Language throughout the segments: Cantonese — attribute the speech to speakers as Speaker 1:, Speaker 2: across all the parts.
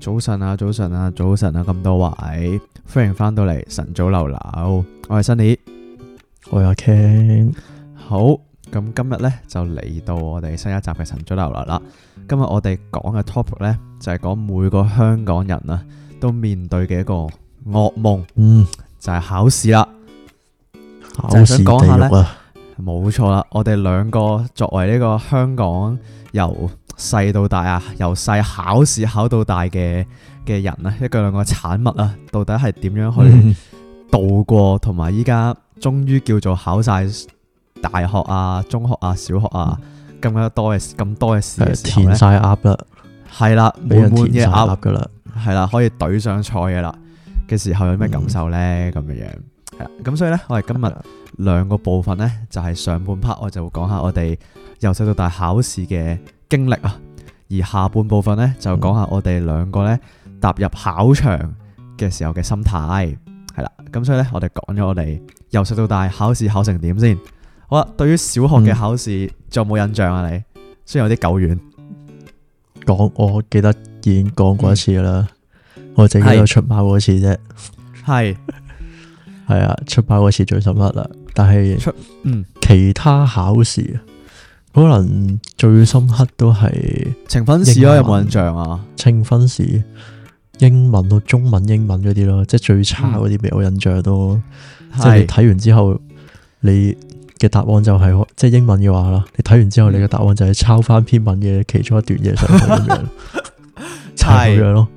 Speaker 1: 早晨啊，早
Speaker 2: 晨啊，早晨啊！咁多位歡迎返到嚟晨早流流，我係 Sunny，我係阿 Ken，好，咁今日呢，就嚟到我哋新一集嘅晨早流流啦。今日我哋講嘅 topic 呢，就係講每個香港人啊都面對嘅一個噩夢，嗯，就係考試啦。考試地獄啊！冇錯啦，我哋兩個作為呢個香港遊。細到大啊，由細考試考到大嘅嘅人啊，一個兩個產物啊，到底係點樣去度過？同埋依家終於叫做考晒大學啊、中學啊、小學啊，更加多嘅咁多嘅事嘅時候咧，填晒鴨
Speaker 3: 啦，係啦，滿滿嘅鴨噶啦，
Speaker 2: 係啦，可以懟上菜嘅啦嘅時候，有咩感受咧？咁樣樣咁，所以咧，我哋今日兩個部分咧，就係上半 part，我就會講下我哋由細到大考試嘅。經歷啊，而下半部分呢，就講下我哋兩個呢踏入考場嘅時候嘅心態，係啦，咁所以呢，我哋講咗我哋由細到大考試考成點先。好啦，對於小學嘅考試仲、嗯、有冇印象啊？你雖然有啲久遠，
Speaker 3: 講我記得已經講過一次啦，嗯，我淨係喺度出包嗰次啫。係係啊，出包嗰次最深刻啦，但係出嗯其他考試。可能最深刻都係呈分試咯，有冇印象啊？呈分試英文到中文英文嗰啲咯，即係最差嗰啲俾我印象都、嗯就是，即係睇完之後你嘅答案就係即係英文嘅話啦，你睇完之後你嘅答案就係抄翻篇文嘅其中一段嘢上去咁樣，係咁樣咯，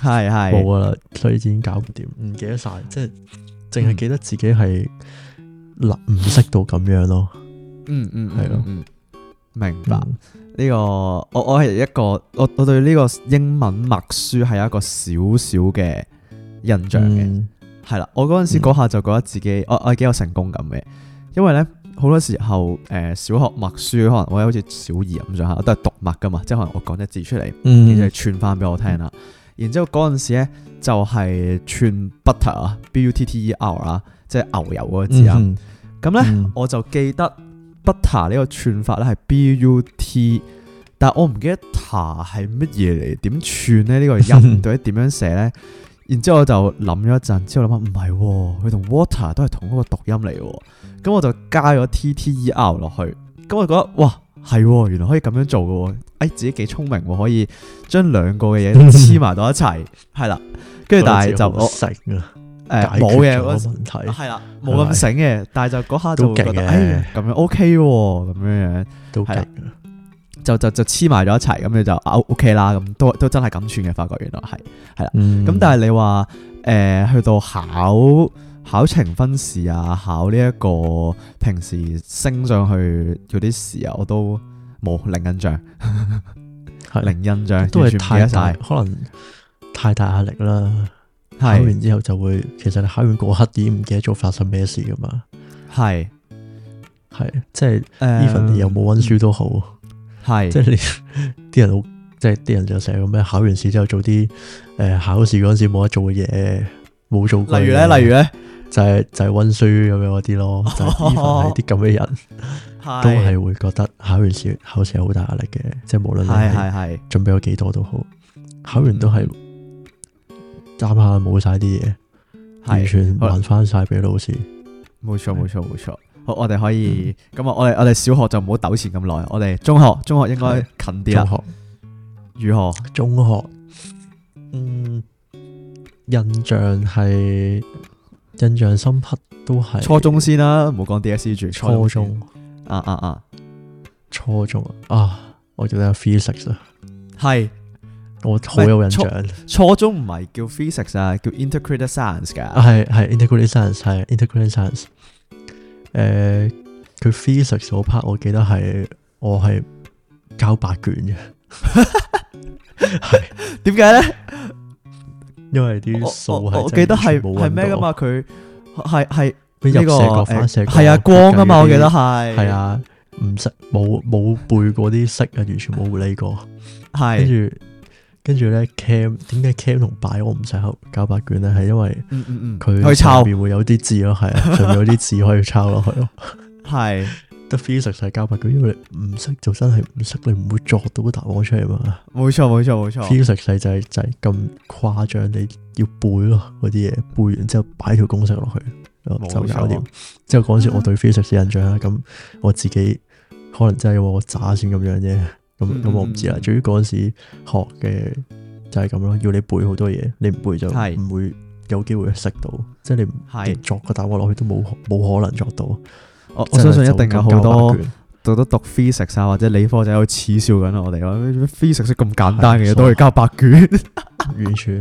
Speaker 3: 係係冇噶啦，所以已經搞唔掂，唔記得晒，即係淨係記得自己係唔識到咁樣咯、嗯嗯，嗯嗯係咯、嗯嗯嗯明白呢、
Speaker 2: 嗯這個，我我係一個，我我對呢個英文默書係一個小小嘅印象嘅，係啦、嗯，我嗰陣時嗰下就覺得自己，我我係幾有成功感嘅，因為咧好多時候，誒、呃、小學默書可能我好似小二咁上下，都係讀默噶嘛，即係可能我講一字出嚟，你、嗯、就串翻俾我聽啦，嗯、然之後嗰陣時咧就係、是、串 butter 啊，b u t t e r 啊，即係牛油嗰個字啊，咁、嗯、咧我就記得。butter 呢個串法咧係 b u t，但我唔記得 ta 係乜嘢嚟，點串咧？這個、呢個音到底點樣寫咧？ 然之後我就諗咗一陣，之後諗下唔係，佢同、哦、water 都係同一個讀音嚟，咁我就加咗 t t e r 落去，咁我覺得哇，係、哦，原來可以咁樣做嘅，哎，自己幾聰明，可以將兩個嘅嘢黐埋到一齊，係啦， 跟住但係就我死啦。誒，冇嘢嗰問題，係啦的，冇咁醒嘅，的但係就嗰下就會覺得，哎，咁樣 OK 喎，咁樣樣都勁，就就就黐埋咗一齊，咁你就 O，OK 啦，咁、啊 okay、都都真係咁串嘅，發覺原來係係啦，咁、嗯、但係你話誒、呃，去到考考呈分試啊，考呢、這、一個平時升上去嗰啲時啊，我都冇零印象，係 零印象，都係太大，可能太大壓
Speaker 3: 力啦。考完之後就會，其實你考完嗰刻已經唔記得咗發生咩事噶嘛。係，係，即係，even 你有冇溫書都好，係，即係你啲人好，即係啲人就成個咩，考完試之後做啲誒考試嗰陣時冇得做嘅嘢，冇做過。例如咧，例如咧，就係就係溫書咁樣嗰啲咯。even 係啲咁嘅人，都係會覺得考完試考試好大壓力嘅，即係無論係係係準備咗幾多都好，考完都係。暫下冇晒啲嘢。是完全還翻晒俾老師。冇錯，
Speaker 2: 冇錯，冇錯。好，我哋可以咁啊、嗯！我哋我哋小學就唔好糾纏咁耐，我哋中學中學應該近啲啦。中學如何？中學嗯，
Speaker 3: 印象係印象深刻都係初中
Speaker 2: 先啦、啊，唔好講 DSE 住。初中啊啊中啊！
Speaker 3: 啊初中啊，我記得有 physics 啊。
Speaker 2: 係。我好有印象，初中唔係叫 physics 啊，叫 integrated science 噶。啊，係
Speaker 3: 係、啊、integrated science，係 integrated science。誒、呃，佢 physics 嗰 part 我記得係我係交白卷嘅，係點解咧？因為啲數係我記得係係咩噶嘛？
Speaker 2: 佢係係呢個誒係啊光啊嘛？我記得係係、這個欸、啊、唔、啊、
Speaker 3: 識冇冇背過啲色啊，完全冇理過，係跟住。跟住咧，cam 點解 cam 同擺我唔使交白卷咧？係因為佢上面會有啲字咯，係啊、嗯，嗯嗯、上面有啲字可以抄落去咯。係，得 physics s 係 交白卷，因為你唔識就真係唔識，你唔會作到個答案出嚟嘛。冇錯，冇錯，冇錯。physics s 就係、是、就係、是、咁誇張，你要背咯，嗰啲嘢背完之後擺條公式落去、啊、就搞掂。之後嗰陣時我對 physics 嘅印象咧，咁 我自己可能真係我渣先咁樣啫。咁咁我唔知啦，至於嗰陣時學嘅就係咁咯，要你背好多嘢，你唔背就唔會有機會識到，即係你唔作個答案落去都冇冇可能作到。
Speaker 2: 我我相信一定有好多好多讀 physics 啊或者理科仔喺度恥笑緊我哋，乜 physics 咁簡單嘅嘢都可以交白卷，完全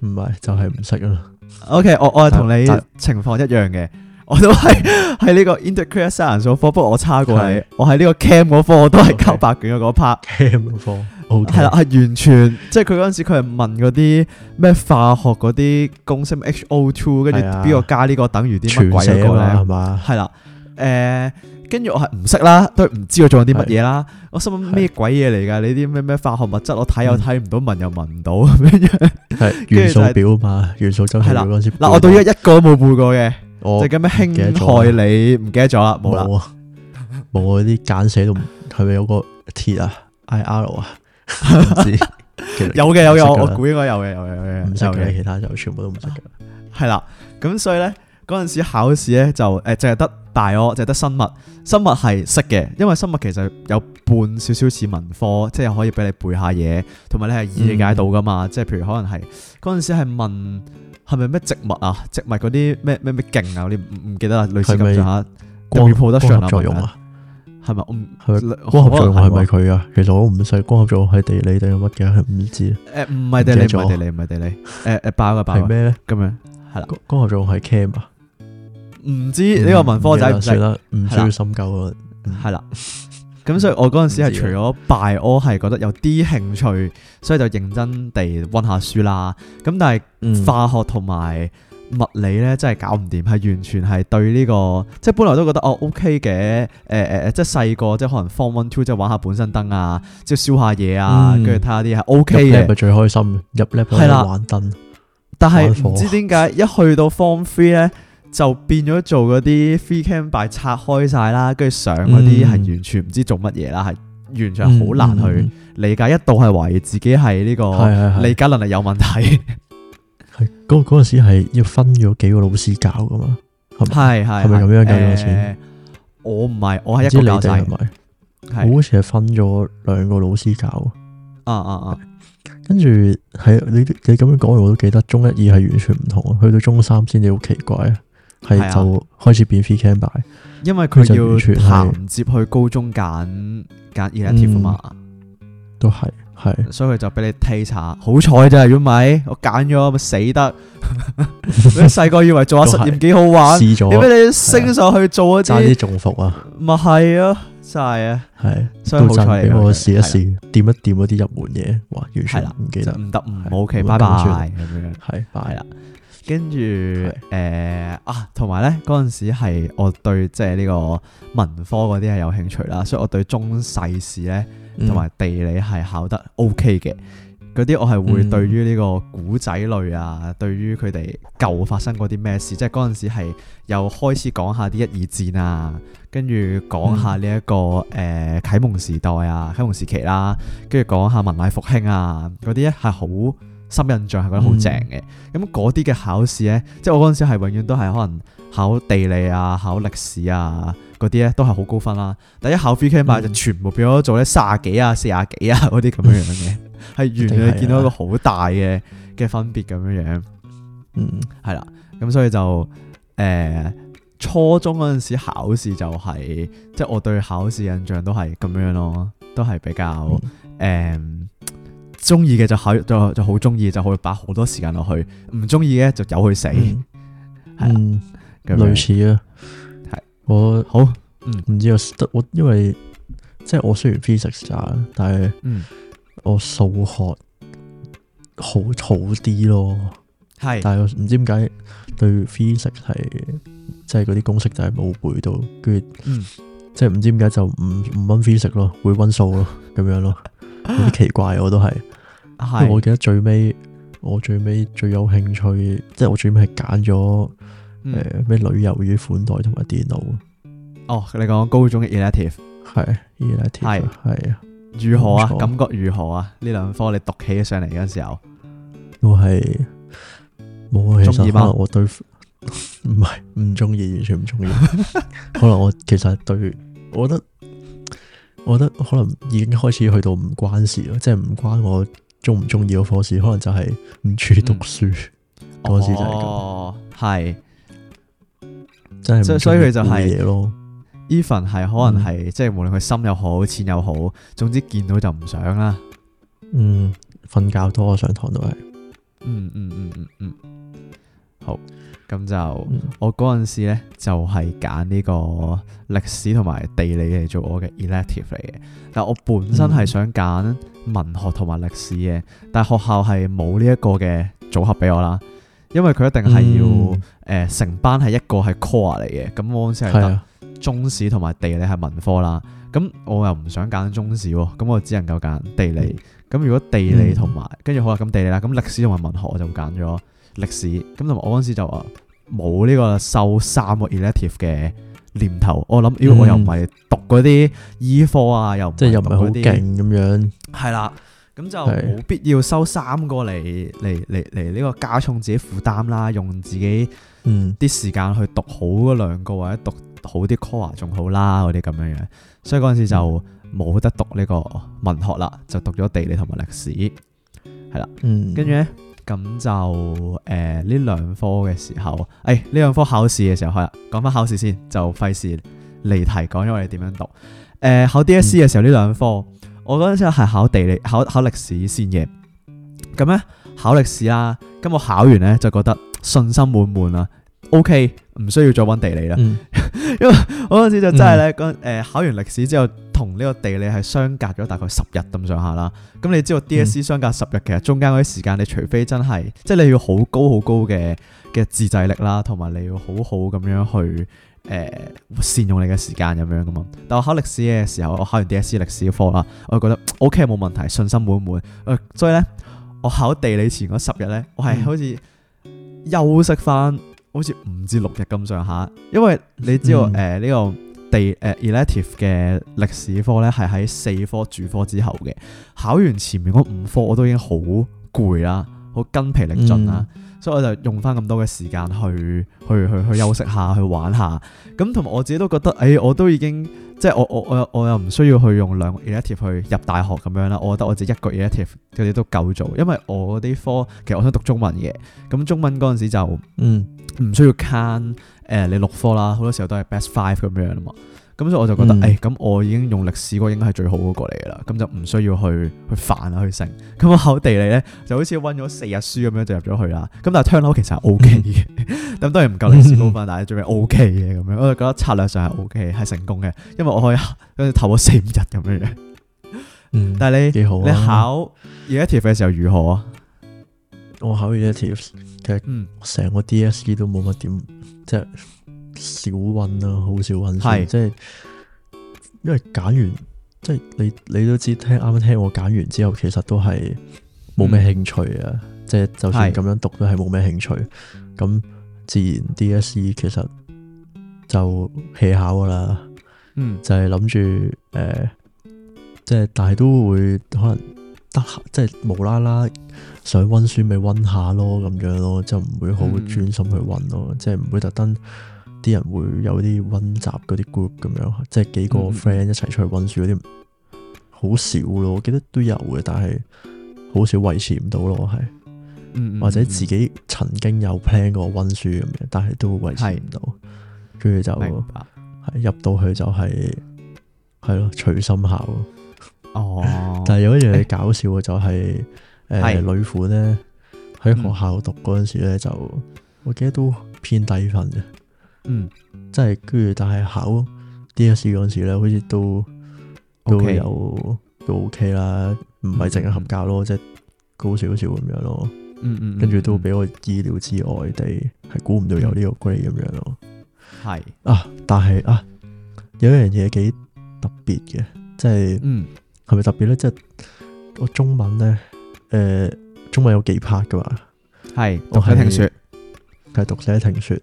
Speaker 2: 唔係就係唔識啦。
Speaker 1: O K，我我係
Speaker 2: 同你情況一樣嘅。我都係喺呢個 i n t e r c r e d i a t e 三人組科，不過我差過係，我喺呢個 cam 嗰科，我都係交白卷嗰 part。cam 科係啦，係完全即係佢嗰陣時，佢係問嗰啲咩化學嗰啲公式 H O two，跟住邊個加呢個等於啲乜鬼嘢係嘛？係啦，誒，跟住我係唔識啦，都唔知佢做咗啲乜嘢啦。我心諗咩鬼嘢嚟噶？你啲咩咩化學物質，我睇又睇唔到，問又問唔到咁樣。係元素表啊
Speaker 3: 嘛，元素真期表嗱，我對
Speaker 2: 於一個都冇背過嘅。即係咁樣輕害
Speaker 3: 你唔記得咗啦，冇啦，冇嗰啲簡寫，仲係咪有個
Speaker 2: 鐵啊？IR 啊？唔 IR、啊、 有嘅有嘅，我估應該有嘅有嘅，有嘅，唔識嘅其他就全部都唔識嘅。係啦、ah.，咁所以咧，嗰陣時考試咧就誒，淨係得大嗰，淨係得生物，生物係識嘅，因為生物其實有半少少似文科，即、就、係、是、可以俾你背下嘢，同埋你係理解到噶嘛，嗯、即係譬如可能係嗰陣時係問。係咪咩植物啊？植物嗰啲咩咩咩莖啊？嗰啲唔唔記得啦。類似咁上下，光譜得上作用啊？係咪？光合作用係咪佢
Speaker 3: 啊？其實我都唔識光合作用係地理定乜嘅，唔知誒，唔係地理唔係地理唔係
Speaker 2: 地理誒誒，包嘅包係咩
Speaker 3: 咧？咁樣係啦，光合作用係 cam 啊？唔
Speaker 2: 知呢個文科仔，算啦，唔需要深究啦。係啦。咁所以，我嗰陣時係除咗拜，我係覺得有啲興趣，啊、所以就認真地温下書啦。咁但係化學同埋物理咧，嗯、真係搞唔掂，係完全係對呢、呢個，即、就、係、係、本來都覺得哦 O K 嘅。誒誒誒，即係細個即係可能 Form One Two 即係玩下本身燈啊，即係燒下嘢啊，跟住睇下啲係 O K 嘅。入 lap 係
Speaker 3: 最開心，入 lap 可以玩燈。
Speaker 2: 但係唔知點解 一去到，到 Form Three 咧。就變咗做嗰啲 free cam by 拆開晒啦，跟住上嗰啲係完全唔知做乜嘢啦，係、嗯、完全好難去理解。嗯、一度係懷疑自己係呢個理解能力有問題，是是是。
Speaker 3: 係嗰嗰陣時係要分咗幾個老師教，噶嘛？係係係咪咁樣教咗錢？
Speaker 2: 我唔係，我係一個教晒，
Speaker 3: 好似係分咗兩個老師教
Speaker 2: 啊啊啊跟！
Speaker 3: 跟住係你你咁樣講，我都記得中一二係完全唔同啊，去到中三先至好奇怪啊。係就開始變 free camper 因為佢要銜
Speaker 2: 接去高中揀揀二 A 貼啊嘛，
Speaker 3: 都係係，
Speaker 2: 所以佢就俾你替查，好彩啫，如果唔係我揀咗咪死得。你細個以為做下實驗幾好玩，試咗點解你升上去做一啲？晒啲重複啊！咪係真係啊，所以好彩俾我
Speaker 3: 試一試，掂一掂嗰啲入門嘢，哇完全啦，唔得唔好 k 拜拜，係係
Speaker 2: 啦。跟住誒、呃、啊，同埋咧嗰陣時係我對即係呢個文科嗰啲係有興趣啦，所以我對中世史咧同埋地理係考得 O K 嘅嗰啲，我係會對於呢個古仔類啊，對於佢哋舊發生過啲咩事，嗯、即係嗰陣時係又開始講一下啲一、二戰啊，跟住講下呢、這、一個誒、嗯呃、啟蒙時代啊、啟蒙時期啦、啊，跟住講下文藝復興啊，嗰啲咧係好。深印象係覺得好正嘅，咁嗰啲嘅考試呢，即係我嗰陣時係永遠都係可能考地理啊、考歷史啊嗰啲咧，都係好高分啦。第一考 Phy Chem 就全部變咗做咧卅幾啊、四十幾啊嗰啲咁樣樣嘅，係完全見到一個好大嘅嘅分別咁樣樣。嗯，係啦，咁所以就誒、呃、初中嗰陣時考試就係，即係我對考試印象都係咁樣咯，都係比較誒。嗯嗯嗯中意嘅就可就就好中意，就可以擺好多時間落去；唔中意嘅就由佢死，係類似
Speaker 3: 啊。係是我好，唔、嗯、知我我因為即係我雖然 physics 渣，但係我數學好好啲咯。係是，但係唔知點解對 physics 係即係嗰啲公式就係冇背到，跟住、嗯、即係唔知點解就唔唔温 physics 咯，會温數咯，咁樣咯，有啲奇怪我都係。啊我記得最尾，我最尾最有興趣，即係我最尾係揀咗誒咩旅遊與款待同埋電腦、嗯。
Speaker 2: 哦，你講高中嘅 elective 係 elective 係係啊是？如何啊？錯感覺如何啊？呢兩科你讀起上嚟嗰陣時候，
Speaker 3: 我係冇啊，中唔中意我對唔係唔中意，完全唔中意。 可能我其實對，我覺得我覺得可能已經開始去到唔關事咯，即係唔關我。中唔中意個科時，可能就係唔中意讀書，嗰、嗯、 時就係咁，
Speaker 2: 係、哦、真係，所以佢就係、是、咯。even 係可能係，嗯、即係無論佢心又好，錢又好，總之見到就唔想啦。嗯，
Speaker 3: 瞓覺多，上堂都係。嗯嗯嗯
Speaker 2: 嗯嗯。嗯嗯好，咁就、嗯、我嗰陣時咧，就係揀呢個歷史同埋地理嚟做我嘅 elective 嚟嘅。但我本身係想揀文學同埋歷史嘅，嗯、但係學校係冇呢一個嘅組合俾我啦，因為佢一定係要誒、嗯呃、成班係一個係 core 嚟嘅，咁我先係得中史同埋地理係文科啦。咁、嗯、我又唔想揀中史，咁我只能夠揀地理。咁、嗯、如果地理同埋，跟住、嗯嗯、好啦，咁地理啦，咁歷史同埋文學我就揀咗。歷史咁同埋，我嗰時就話冇呢個收三個 elective 嘅念頭。我諗，因為我又唔係讀嗰啲醫科啊，嗯、又即係又唔係好勁咁樣，係啦，咁就冇必要收三個嚟嚟嚟嚟呢個加重自己負擔啦。用自己啲時間去讀好嗰兩個或者讀好啲 core 仲好啦，嗰啲咁樣樣。所以嗰陣時就冇得讀呢個文學啦，就讀咗地理同埋歷史係啦。嗯，跟住咧。咁就誒呢、呃、兩科嘅時候，誒、哎、呢兩科考試嘅時候係啦，講返考試先，就費事離題講咗我哋點樣讀。誒、呃、考 DSE 嘅時候呢、嗯、兩科，我嗰陣時係考地理考考歷史先嘅。咁咧考歷史啦，咁我考完咧就覺得信心滿滿啦，OK 唔需要再揾地理啦，嗯、 因為我嗰陣時就真係咧，誒、嗯、考完歷史之後。同呢個地理係相隔咗大概十日咁上下啦。咁你知道 DSE 相隔十日，嗯、其實中間嗰啲時間，你除非真係，即、就、係、是、你要好高好高嘅嘅自制力啦，同埋你要好好咁樣去誒、呃、善用你嘅時間咁樣噶嘛。但我考歷史嘅時候，我考完 DSE 歷史科啦，我就覺得 OK 冇問題，信心滿滿、呃。所以呢，我考地理前嗰十日呢，我係、嗯、好似休息返好似五至六日咁上下，因為你知道誒呢、嗯呃呢個。地誒 elective 嘅歷史科咧，係喺四科主科之後嘅。考完前面嗰五科，我都已經好攰啦，好筋疲力盡啦，嗯、所以我就用翻咁多嘅時間去去去去，去休息下，去玩下。咁同埋我自己都覺得，誒、欸、我都已經即係我我我，我又我又唔需要去用兩個 elective 去入大學咁樣啦。我覺得我自己一個 elective 佢哋都夠做，因為我啲科其實我想讀中文嘅。咁中文嗰陣時就唔需要 c a、嗯誒、呃，你六科啦，好多時候都係 best five 咁樣啊嘛。咁所以我就覺得，誒咁、嗯欸、我已經用歷史嗰應該係最好嗰個嚟噶啦。咁就唔需要去去煩啊，去成咁我考地理咧就好似温咗四日書咁樣就入咗去啦。咁但係 turn out 其實係 O K 嘅，咁、嗯、當然唔夠歷史高分，嗯、但係最尾 O K 嘅咁樣，我就覺得策略上係 O K 係成功嘅，因為我可以跟住投咗四五日咁樣。嗯，但係你幾好？你考 elective 嘅時候如何啊？我考
Speaker 3: elective 其實成個 D、SE、S E、嗯、都冇乜點。即係少溫啊，好少溫。即係因為揀完，即係你你都知啱啱聽我揀完之後，其實都係冇咩興趣啊。嗯、即係就算咁樣讀是都係冇咩興趣。咁自然 DSE 其實就棄考啦。嗯，就係諗住誒，即係但係都會可能。得即係無啦啦想溫書咪溫下咯咁樣咯，就唔會好專心去溫咯、嗯，即係唔會特登啲人會有啲溫習嗰啲 group 咁樣，即係幾個 friend 一齊出去溫書嗰啲，好少咯。我記得都有嘅，但係好少維持唔到咯。係，嗯，嗯，嗯，或者自己曾經有 plan 過溫書咁樣，但係都維持唔到，跟住是就係入到去就係係咯，隨心下咯。哦，但係有一樣嘢搞笑嘅就係，誒，女款咧喺學校讀嗰陣時咧就，我記得都偏低分嘅，嗯，即係跟住但係考 DSE 嗰陣時咧，好似都都有都 OK 啦，唔係淨係合格咯，即係高少少咁樣咯，嗯嗯，跟住都俾我意料之外地係估唔到有呢個 grade 咁樣咯，係，啊，但係啊，有一樣嘢幾特別嘅，即係，嗯。係咪特別咧？即係個中文咧，誒、呃，中文有幾 part 㗎嘛？係是是讀寫聽說，係讀寫聽說。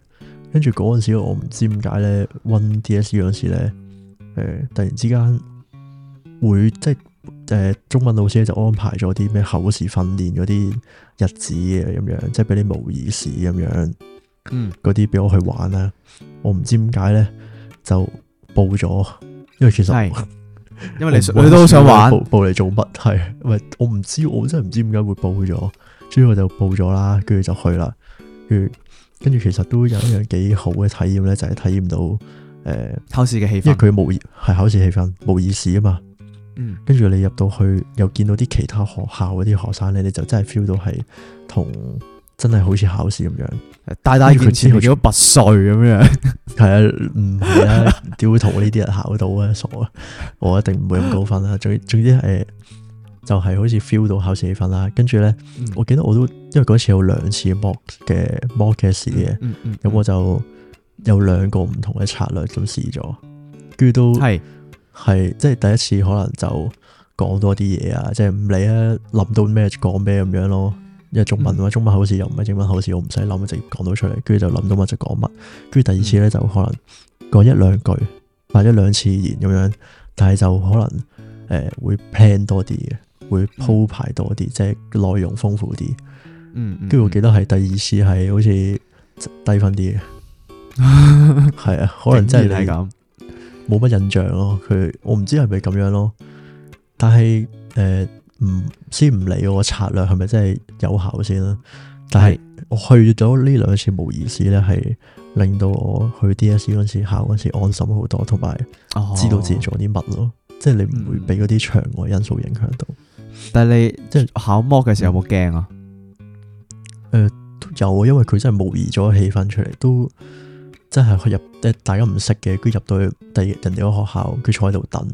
Speaker 3: 跟住嗰陣時我，我唔知點解咧溫 DSE 嗰陣時咧，誒、呃，突然之間會即係誒、呃，中文老師就安排咗啲咩口試訓練嗰啲日子嘅咁樣，即係俾啲模擬試咁樣，嗯，嗰啲俾我去玩咧。我唔知點解咧，就報咗，因為其實。因為你想，我不你都想玩，報嚟做乜？係，唔我唔知，我真係唔知點解會報咗，所以我就報咗啦。跟住就去啦。跟住其實都有一樣幾好嘅體驗呢，就係、是、體驗到誒、呃、考試嘅氣氛，因為佢模擬係考試氣氛，模擬試啊嘛。嗯，跟住你入到去又見到啲其他學校嗰啲學生呢，你就真係 feel 到係同。真係好似考試咁樣，戴戴多紙
Speaker 2: 條咁樣，係
Speaker 3: 啊，唔係啊，點會同呢啲人考到啊？傻啊！我一定唔會咁高分啦。仲要，總之誒，就係好似 feel 到考試氣氛啦。跟住咧，我記得我都因為嗰次有兩次 mock 嘅 mock 嘅試嘅，咁、嗯嗯嗯、我就有兩個唔同嘅策略咁試咗，跟住都係係即係第一次可能就講多啲嘢啊，即係唔理啊，諗到咩就講咩咁樣咯。因為中文啊，中文口試又唔係英文口試，嗯、我唔使諗啊，直接講到出嚟，跟住就諗到乜就講乜。跟住第二次咧、嗯、就可能講一兩句，發一兩次言咁、呃嗯嗯、樣，但係就可能誒會 plan 多啲嘅，會鋪排多啲，即係內容豐富啲。嗯，跟住我記得係第二次係好似低分啲嘅，係啊，可能真係係咁，冇乜印象咯。佢我唔知係咪咁樣咯，但係誒。唔先唔理我策略係咪真係有效先啦，但係我去咗呢兩次是模擬試咧，係令到我去 DSE 嗰時考嗰時安心好多，同埋知道自己做啲乜咯，哦、即係你唔會俾嗰啲場外因素影響到。嗯、但係你即係考 Mock 嘅時候有冇驚啊？誒、呃，有啊，因為佢真係模擬咗氣氛出嚟都。即係入誒，大家唔識嘅，佢入到去第二人哋嗰學校，佢坐喺度等，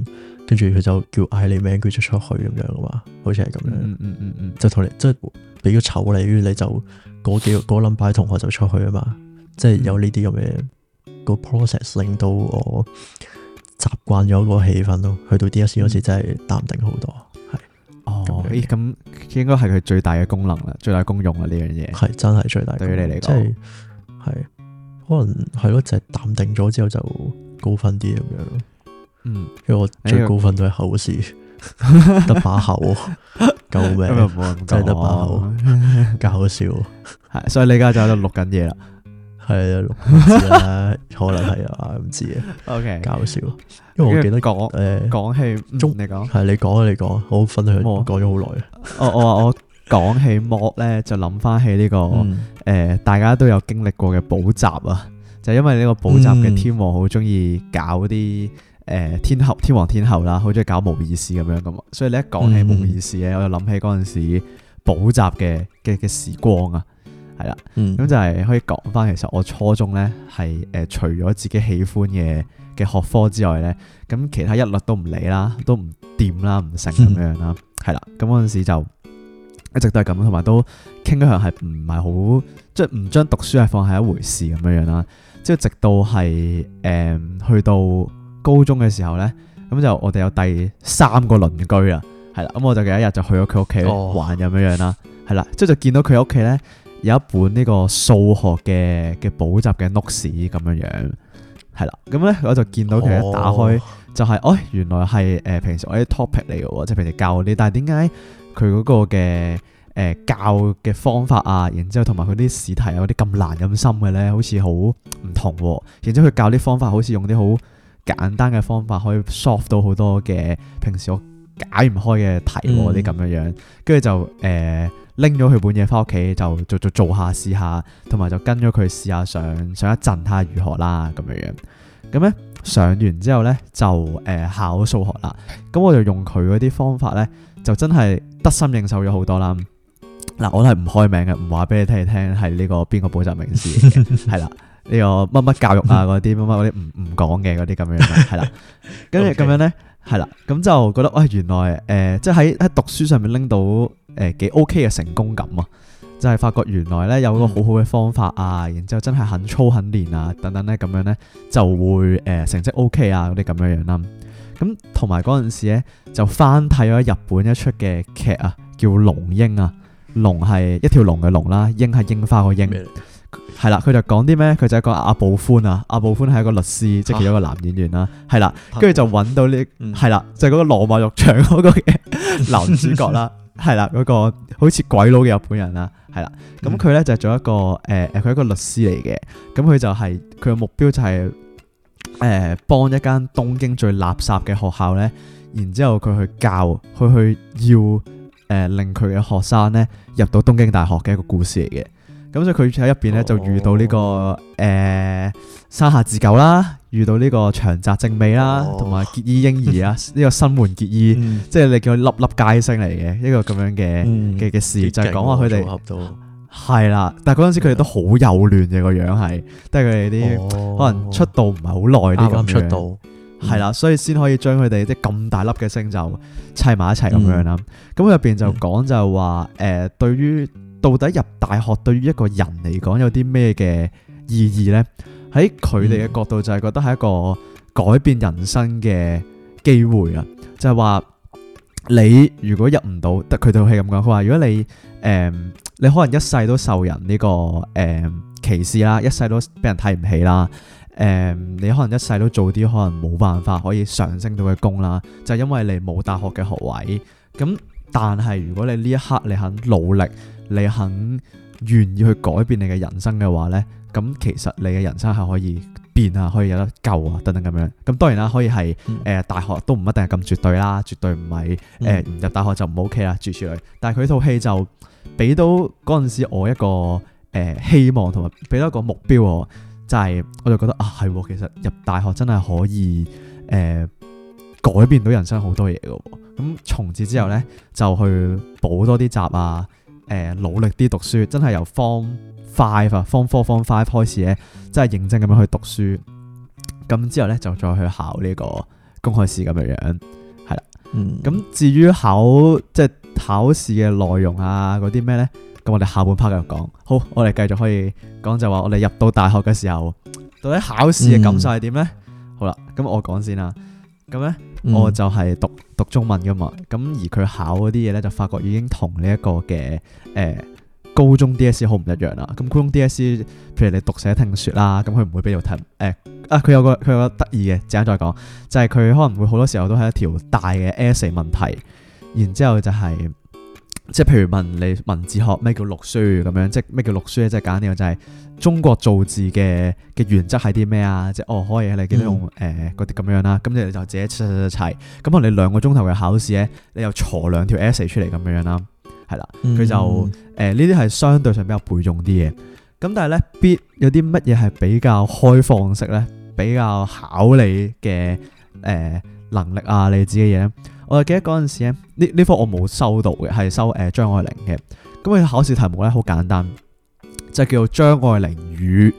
Speaker 3: 跟住佢就叫嗌你名，佢就出去咁樣噶嘛，好似係咁樣。嗯嗯嗯嗯，嗯嗯就同你即係俾個丑，你，如你就嗰幾個嗰 number 同學就出去啊嘛，即係、嗯、有呢啲咁嘅個 process，令我習慣
Speaker 2: 個到我習慣咗個氣氛咯。去到 DSE 嗰時真係淡定好多。係哦，咁應該係佢最大嘅功能啦，嗯、最大功用啦呢樣嘢。係
Speaker 3: 真係最大，對於你嚟講係。就是可能係咯，就係淡定咗之後就高分啲咁樣咯。嗯，因為我最高分都係口試，
Speaker 2: 得把口，救命，真係得把口，搞笑。係，所以你而家就喺度錄緊嘢啦。係啊，錄唔知啦，可能係啊，唔知啊。OK，搞笑。因為我記得講，誒，講係中嚟講，係你講啊，你講，好，分享，我講咗好耐。哦哦哦。講起魔咧，就諗翻起呢、這個誒、嗯呃，大家都有經歷過嘅補習啊。就是、因為呢個補習嘅天王好中意搞啲誒、嗯呃、天后天王天后啦，好中意搞無意思模擬試咁樣噶嘛。所以你一講起模擬試咧，嗯、我就諗起嗰陣時補習嘅嘅嘅時光啊，係啦，咁、嗯、就係可以講翻。其實我初中咧係誒，除咗自己喜歡嘅嘅學科之外咧，咁其他一律都唔理啦，都唔掂啦，唔成咁樣、嗯嗯、啦，係啦。咁嗰陣時就。一直都係咁，同埋都傾向係唔係好，即係唔將讀書係放喺一回事咁樣樣啦。即係直到係誒、嗯、去到高中嘅時候咧，咁就我哋有第三個鄰居啦，係啦。咁我就有一日就去咗佢屋企玩咁樣樣啦，係啦。即係就見到佢屋企咧有一本呢個數學嘅嘅補習嘅 note 史咁樣樣，係啦。咁咧我就見到佢一打開、哦、就係、是，哦，原來係誒平時我啲 topic 嚟嘅喎，即、就、係、是、平時教你，但係點解？佢嗰個嘅誒、呃、教嘅方法啊，然之後同埋佢啲試題有啲咁難咁深嘅咧，好似好唔同喎、啊。然之後佢教啲方法，好似用啲好簡單嘅方法，可以 solve 到好多嘅平時我解唔開嘅題喎、啊。啲咁樣樣，跟住就誒拎咗佢本嘢翻屋企，就就，就做下試下，同埋就跟咗佢試下上上一陣，睇下如何啦咁樣樣。咁咧上完之後咧就誒、呃、考數學啦。咁我就用佢嗰啲方法咧，就真係～得心應手咗好多啦！嗱，我都係唔開名嘅，唔話俾你聽你聽係呢個邊個補習名師，係 啦，呢、這個乜乜教育啊嗰啲乜乜嗰啲唔唔講嘅嗰啲咁樣，係啦，跟住咁樣咧，係啦，咁就覺得，哇、哎，原來誒，即係喺喺讀書上面拎到誒幾、呃、OK 嘅成功感啊，就係、是、發覺原來咧有一個好好嘅方法啊，然之後真係很操很練啊，等等咧咁樣咧就會誒、呃、成績 OK 啊嗰啲咁樣樣啦。咁同埋嗰陣時咧，就翻睇咗日本一出嘅劇啊，叫《龍櫻》啊，龍係一條龍嘅龍啦，櫻係櫻花個櫻，係啦。佢就講啲咩？佢就一個阿部寬啊，阿部寬係一個律師，即、就、係、是、一個男演員啦、啊，係啦、啊。跟住就搵到呢，係啦，就嗰、是、個羅馬浴場嗰個嘅男主角啦，係啦，嗰個好似鬼佬嘅日本人啦、啊，係啦。咁佢咧就做一個誒誒，佢、呃、一個律師嚟嘅，咁佢就係佢嘅目標就係、是。誒，幫一間東京最垃圾嘅學校呢，然之後佢去教，佢去要誒、呃、令佢嘅學生呢入到東京大學嘅一個故事嚟嘅。咁所以佢喺一邊呢就遇到呢、這個誒、哦呃、山下自救山下智久啦，遇到呢個長澤正美啦，同埋、哦、結衣嬰兒啊呢、哦、 個新門結衣，嗯、即係你叫佢粒粒皆星嚟嘅一個咁樣嘅嘅嘅事，嗯、就係講下佢哋。係啦，但係嗰陣時佢哋都好幼嫩嘅個樣係，都係佢哋啲可能出道唔係好耐啲咁樣，出道，係啦，所以先可以將佢哋啲咁大粒嘅星、嗯、就砌埋一齊咁樣啦。咁入邊就講就係話，誒、呃，對於到底入大學對於一個人嚟講有啲咩嘅意義呢？喺佢哋嘅角度就係覺得係一個改變人生嘅機會啊，就係話。你如果入唔到，得佢套戲咁講，佢話如果你誒、嗯，你可能一世都受人呢、這個誒、嗯、歧視啦，一世都俾人睇唔起啦，誒、嗯，你可能一世都做啲可能冇辦法可以上升到嘅工啦，就係、因為你冇大學嘅學位。咁但係如果你呢一刻你肯努力，你肯願意去改變你嘅人生嘅話咧，咁其實你嘅人生係可以。變啊，可以有得救啊，等等咁樣。咁當然啦，可以係誒、嗯呃、大學都唔一定係咁絕對啦，絕對唔係誒入大學就唔 OK 啦，諸如此類。但係佢套戲就俾到嗰陣時我一個誒、呃、希望同埋俾到一個目標，就係、是、我就覺得啊，係其實入大學真係可以誒、呃、改變到人生好多嘢嘅。咁從此之後呢，就去補多啲習啊，誒、呃、努力啲讀書，真係由方。快啊！form four form five 開始咧，真係認真咁樣去讀書。咁之後咧，就再去考呢個公開試咁嘅樣，係啦。咁、嗯、至於考即係考試嘅內容啊，嗰啲咩咧？咁我哋下半 part 繼續講。好，我哋繼續可以講就話我哋入到大學嘅時候，到底考試嘅感受係點咧？嗯、好啦，咁我講先啦。咁咧，嗯、我就係讀讀中文噶嘛。咁而佢考嗰啲嘢咧，就發覺已經同呢一個嘅誒。欸高中 DSE 好唔一樣啦，咁高中 DSE，譬如你讀寫聽説啦，咁佢唔會俾你睇，誒、哎、啊佢有個佢有個得意嘅，陣間再講，就係、是、佢可能會好多時候都係一條大嘅 essay 問題，然之後就係即係譬如問你文字學咩叫六書咁樣，即係咩叫六書咧，即、就、係、是、簡言就係中國造字嘅嘅原則係啲咩啊？即、就、係、是、哦可以你記得用誒嗰啲咁樣啦，咁你就自己齊齊齊齊，咁我哋兩個鐘頭嘅考試咧，你又鋤兩條 essay 出嚟咁樣啦。係啦，佢、嗯、就誒呢啲係相對上比較背誦啲嘢，咁但係咧必有啲乜嘢係比較開放式咧，比較考你嘅誒、呃、能力啊，你自己嘢咧。我就記得嗰陣時咧，呢呢科我冇收到嘅，係收誒張、呃、愛玲嘅。咁佢考試題目咧好簡單，就叫做張愛玲語，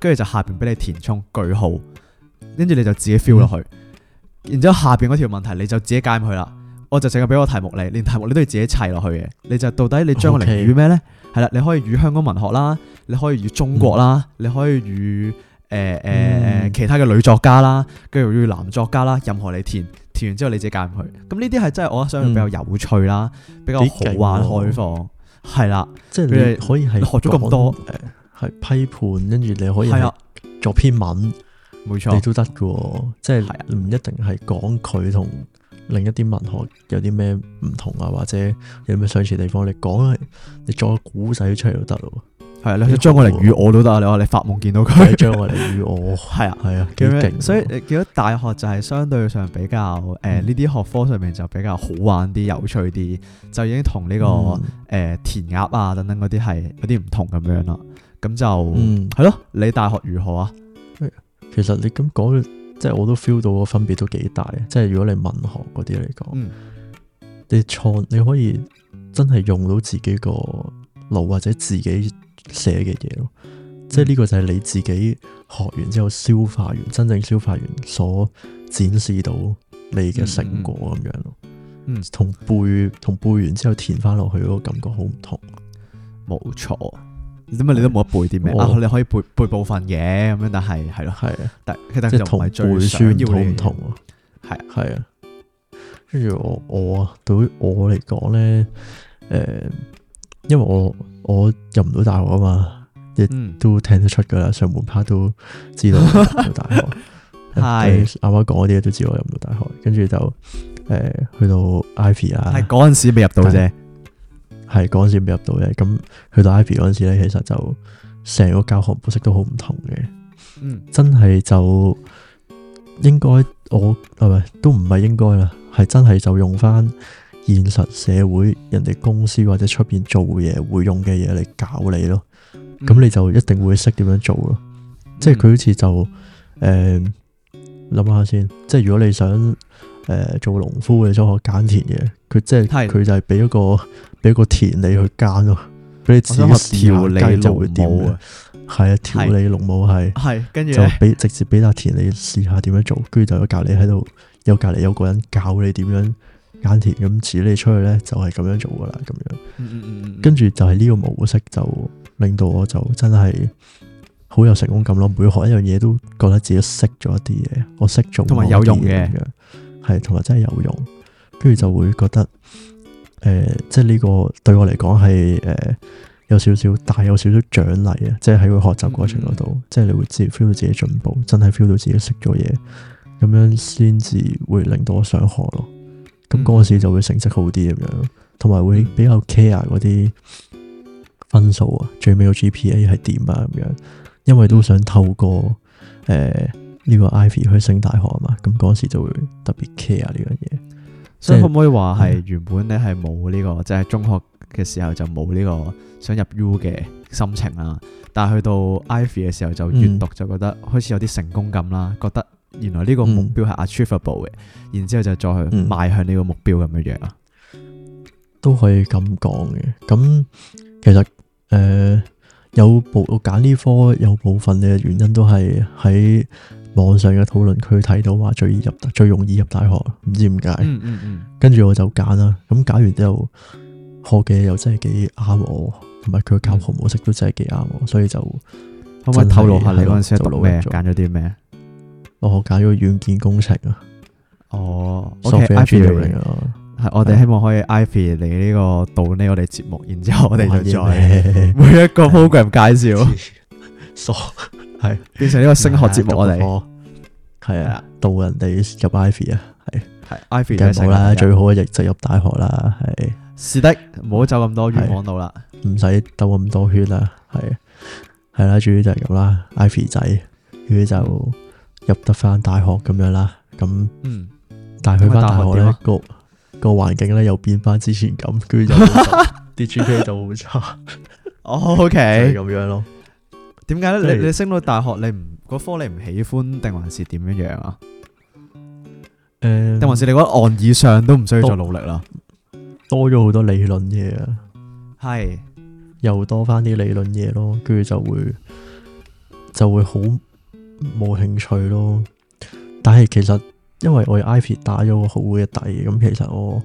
Speaker 2: 跟住就下邊俾你填充句號，跟住你就自己 feel 落去，嗯、然之後下邊嗰條問題你就自己解去啦。我就淨係俾個題目你，連題目你都要自己砌落去嘅。你就到底你將我嚟與咩咧？係啦 Okay.，你可以與香港文學啦，你可以與中國啦，嗯、你可以與誒誒其他嘅女作家啦，跟住與男作家啦，任何你填，填完之後你自己加入去。咁呢啲係真係我覺得相對比較有趣啦，嗯、比較好玩開放。係啦、啊，的即係你可以係學咗咁多，
Speaker 3: 係批判跟住你可以作篇文，冇錯的，錯你都得嘅。即係唔一定係講佢同。另一啲文學有啲咩唔同啊，或者有咩相似地方？你講，你做個古仔出嚟都得咯。
Speaker 2: 係，你張愛玲語我都得啊！你話你發夢見到佢，張愛玲語我係啊係啊，幾勁！所以你見到大學就係相對上比較誒，呢、呃、啲學科上面就比較好玩啲、嗯、有趣啲，就已經同呢、這個誒、呃、填鴨啊等等嗰啲係有啲唔同咁樣啦。咁就係咯、嗯，你大學如何啊？其實你咁講。
Speaker 3: 即係我都 feel 到個分別都幾大，即係如果你文學嗰啲嚟講，嗯、你創你可以真係用到自己個腦或者自己寫嘅嘢咯，即係呢個就係你自己學完之後消化完，真正消化完所展示到你嘅成果咁樣咯，
Speaker 2: 同、嗯
Speaker 3: 嗯嗯、背同背完之後填翻落去嗰個感覺好唔同，冇錯。
Speaker 2: 乜？你都冇得背啲咩我、啊、你可以背背部分嘅咁樣，但係係咯，係啊，但係但係就唔唔同係係啊。跟住我我啊，對
Speaker 3: 於我嚟講咧，誒、呃，因為我我入唔到大學啊嘛，亦都、嗯、聽得出噶啦，上半 part 都知道入唔到大學。係啱啱講嗰啲嘢，都知我入唔到大學，跟住就誒、呃、去到 Ivy 啦，啊。係嗰陣時未入到啫。係嗰陣時未入到嘅，咁去到 IVE 嗰陣時咧，其實就成個教學模式都好唔同嘅。嗯，真係就應該我啊，唔係都唔係應該啦，係真係就用翻現實社會人哋公司或者出邊做嘢會用嘅嘢嚟搞你咯。咁、嗯、你就一定會識點樣做咯。嗯、即係佢好似就誒諗、呃、下先，即係如果你想誒、呃、做農夫嘅，想學耕田嘅，佢即係佢的就係俾一個。俾個田你去耕咯，俾你自己調理，理就會掂嘅。係啊，調理農務係。係跟住就俾直接俾架田你試下點樣做，跟住就有隔離喺度，有隔離有個人教你點樣耕田。咁只要你出去咧，就係咁樣做噶啦，咁樣。嗯嗯嗯。跟住就係呢個模式，就令到我就真係好有成功感咯。每學一樣嘢，都覺得自己識咗一啲嘢，我識做，同埋有，有用嘅，係同埋真係有用。跟住就會覺得。誒、呃，即係呢個對我嚟講係誒，有少少大，有少少獎勵啊！即係喺佢學習過程嗰度，嗯、即係你會自己 feel 到自己進步，真係 feel 到自己識咗嘢，咁樣先至會令到我想學咯。咁嗰時就會成績好啲咁樣，同埋會比較 care 嗰啲分數啊，最尾個 GPA 係點啊咁樣，因為都想透過誒呢、呃這個 IVE 去升大學啊嘛。咁嗰時就會特別 care 呢樣嘢。所以 So,、嗯、可唔可以話係
Speaker 2: 原本咧係冇呢個，即係、嗯、中學嘅時候就冇呢個想入 U 嘅心情啦、啊。但係去到 Ivy 嘅時候就閱讀就覺得開始有啲成功感啦，嗯、覺得原來呢個目標係 achievable 嘅，嗯、然之後就再去邁向呢個目標咁樣樣啊。
Speaker 3: 都可以咁講嘅。咁其實誒、呃、有部揀呢科有部分嘅原因都係喺。網上嘅討論區睇到話最易入最容易入大學，唔知點解。跟住我就揀啦。咁揀完之後學嘅嘢又真係幾啱我，同埋佢教學模式都真係幾啱，我，所以就可唔可以透露下你嗰陣時讀咩？揀咗
Speaker 2: 啲咩？我學
Speaker 3: 揀咗軟件工程啊。哦 OK i 係我哋希望
Speaker 2: 可以 Ivy 嚟呢個導呢我哋節目，然之後我哋就再每一個 program 介紹。傻。係變成一個升學節目嚟，
Speaker 3: 係啊，導人哋入 Ivy 啊，係係 Ivy 最好啦，最好嘅亦就入大學啦，係
Speaker 2: 是的，唔好走咁多冤枉路啦，
Speaker 3: 唔使兜咁多圈啦，係係啦，主要就係咁啦，Ivy 仔，佢就入得翻大學咁樣啦，咁但係去翻大學咧個個環境咧又變翻之前咁，佢就
Speaker 2: 啲 GP 就好差，OK 咁樣咯。點解咧？呢是你你升到大學，你唔嗰科你唔喜歡，定還是點樣樣啊？誒、嗯，定還是你覺得岸以上都唔需要再努力啦？
Speaker 3: 多咗好多理論嘢，係是又多翻啲理論嘢咯，跟住就會就會好冇興趣咯。但係其實因為我 iPad 打咗個好嘅底，咁其實我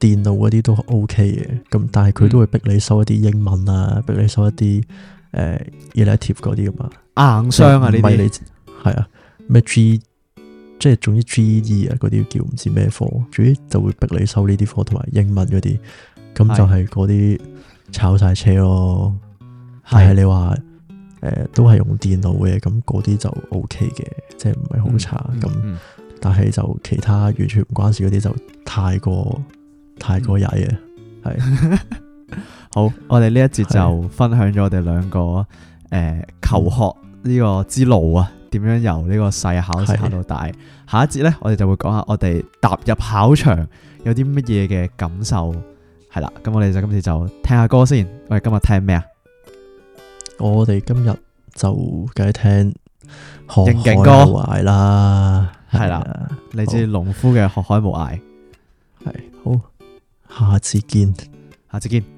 Speaker 3: 電腦嗰啲都 OK 嘅。咁但係佢都會逼你收一啲英文啊，逼你收一啲。誒 elective 嗰啲啊嘛，硬傷、呃、些啊呢啲，係啊咩 G，即係總之 GE 啊嗰啲叫唔知咩科，總之就會逼你收呢啲科同埋英文嗰啲，咁就係嗰啲炒晒車咯。但係的你話誒、呃，都係用電腦嘅，咁嗰啲就 OK 嘅，即係唔係好差。咁、嗯嗯嗯、但係就其他完全唔關事嗰啲就太過、嗯、太過
Speaker 2: 曳啊，係。 好，我哋呢一節就分享咗我哋兩個誒的、呃、求學呢個之路啊，點樣由呢個細考試考到大？的下一節呢，我哋就會講下我哋踏入考場有啲乜嘢嘅感受係啦。咁我哋就今次就聽下歌先。我哋今日聽咩啊？
Speaker 3: 我哋今日就梗係聽《學海無涯》啦，
Speaker 2: 係啦，嚟自農夫嘅《學海無涯》。係好，好
Speaker 3: 下次見，下
Speaker 2: 次見。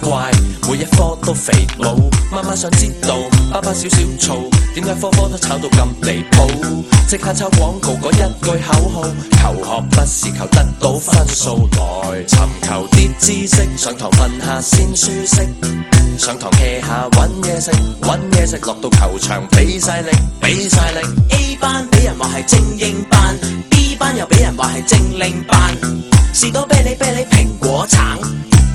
Speaker 4: 怪，每一科都肥佬。媽媽想知道，爸爸少少嘈，點解科科都炒到咁離譜？即刻抄廣告嗰一句口號，求學不是求得到分數來，尋求啲知識，上堂瞓下先舒適，上堂 hea 下搵嘢食，搵嘢食落到球場俾晒力，俾晒力。A 班俾人話係精英班，B 班又俾人話係精靈班，士多啤梨啤梨，蘋果橙。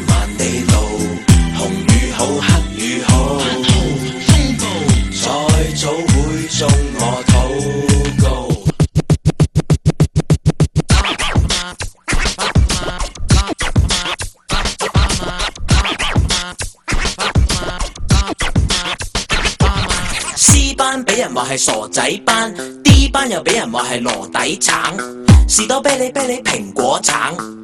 Speaker 4: 萬里路，紅雨好，黑雨好，
Speaker 1: 風暴再
Speaker 4: 早會送我土告。C 班俾人話係傻仔班，D 班又俾人話係羅底橙，士多啤梨、啤梨、蘋果橙。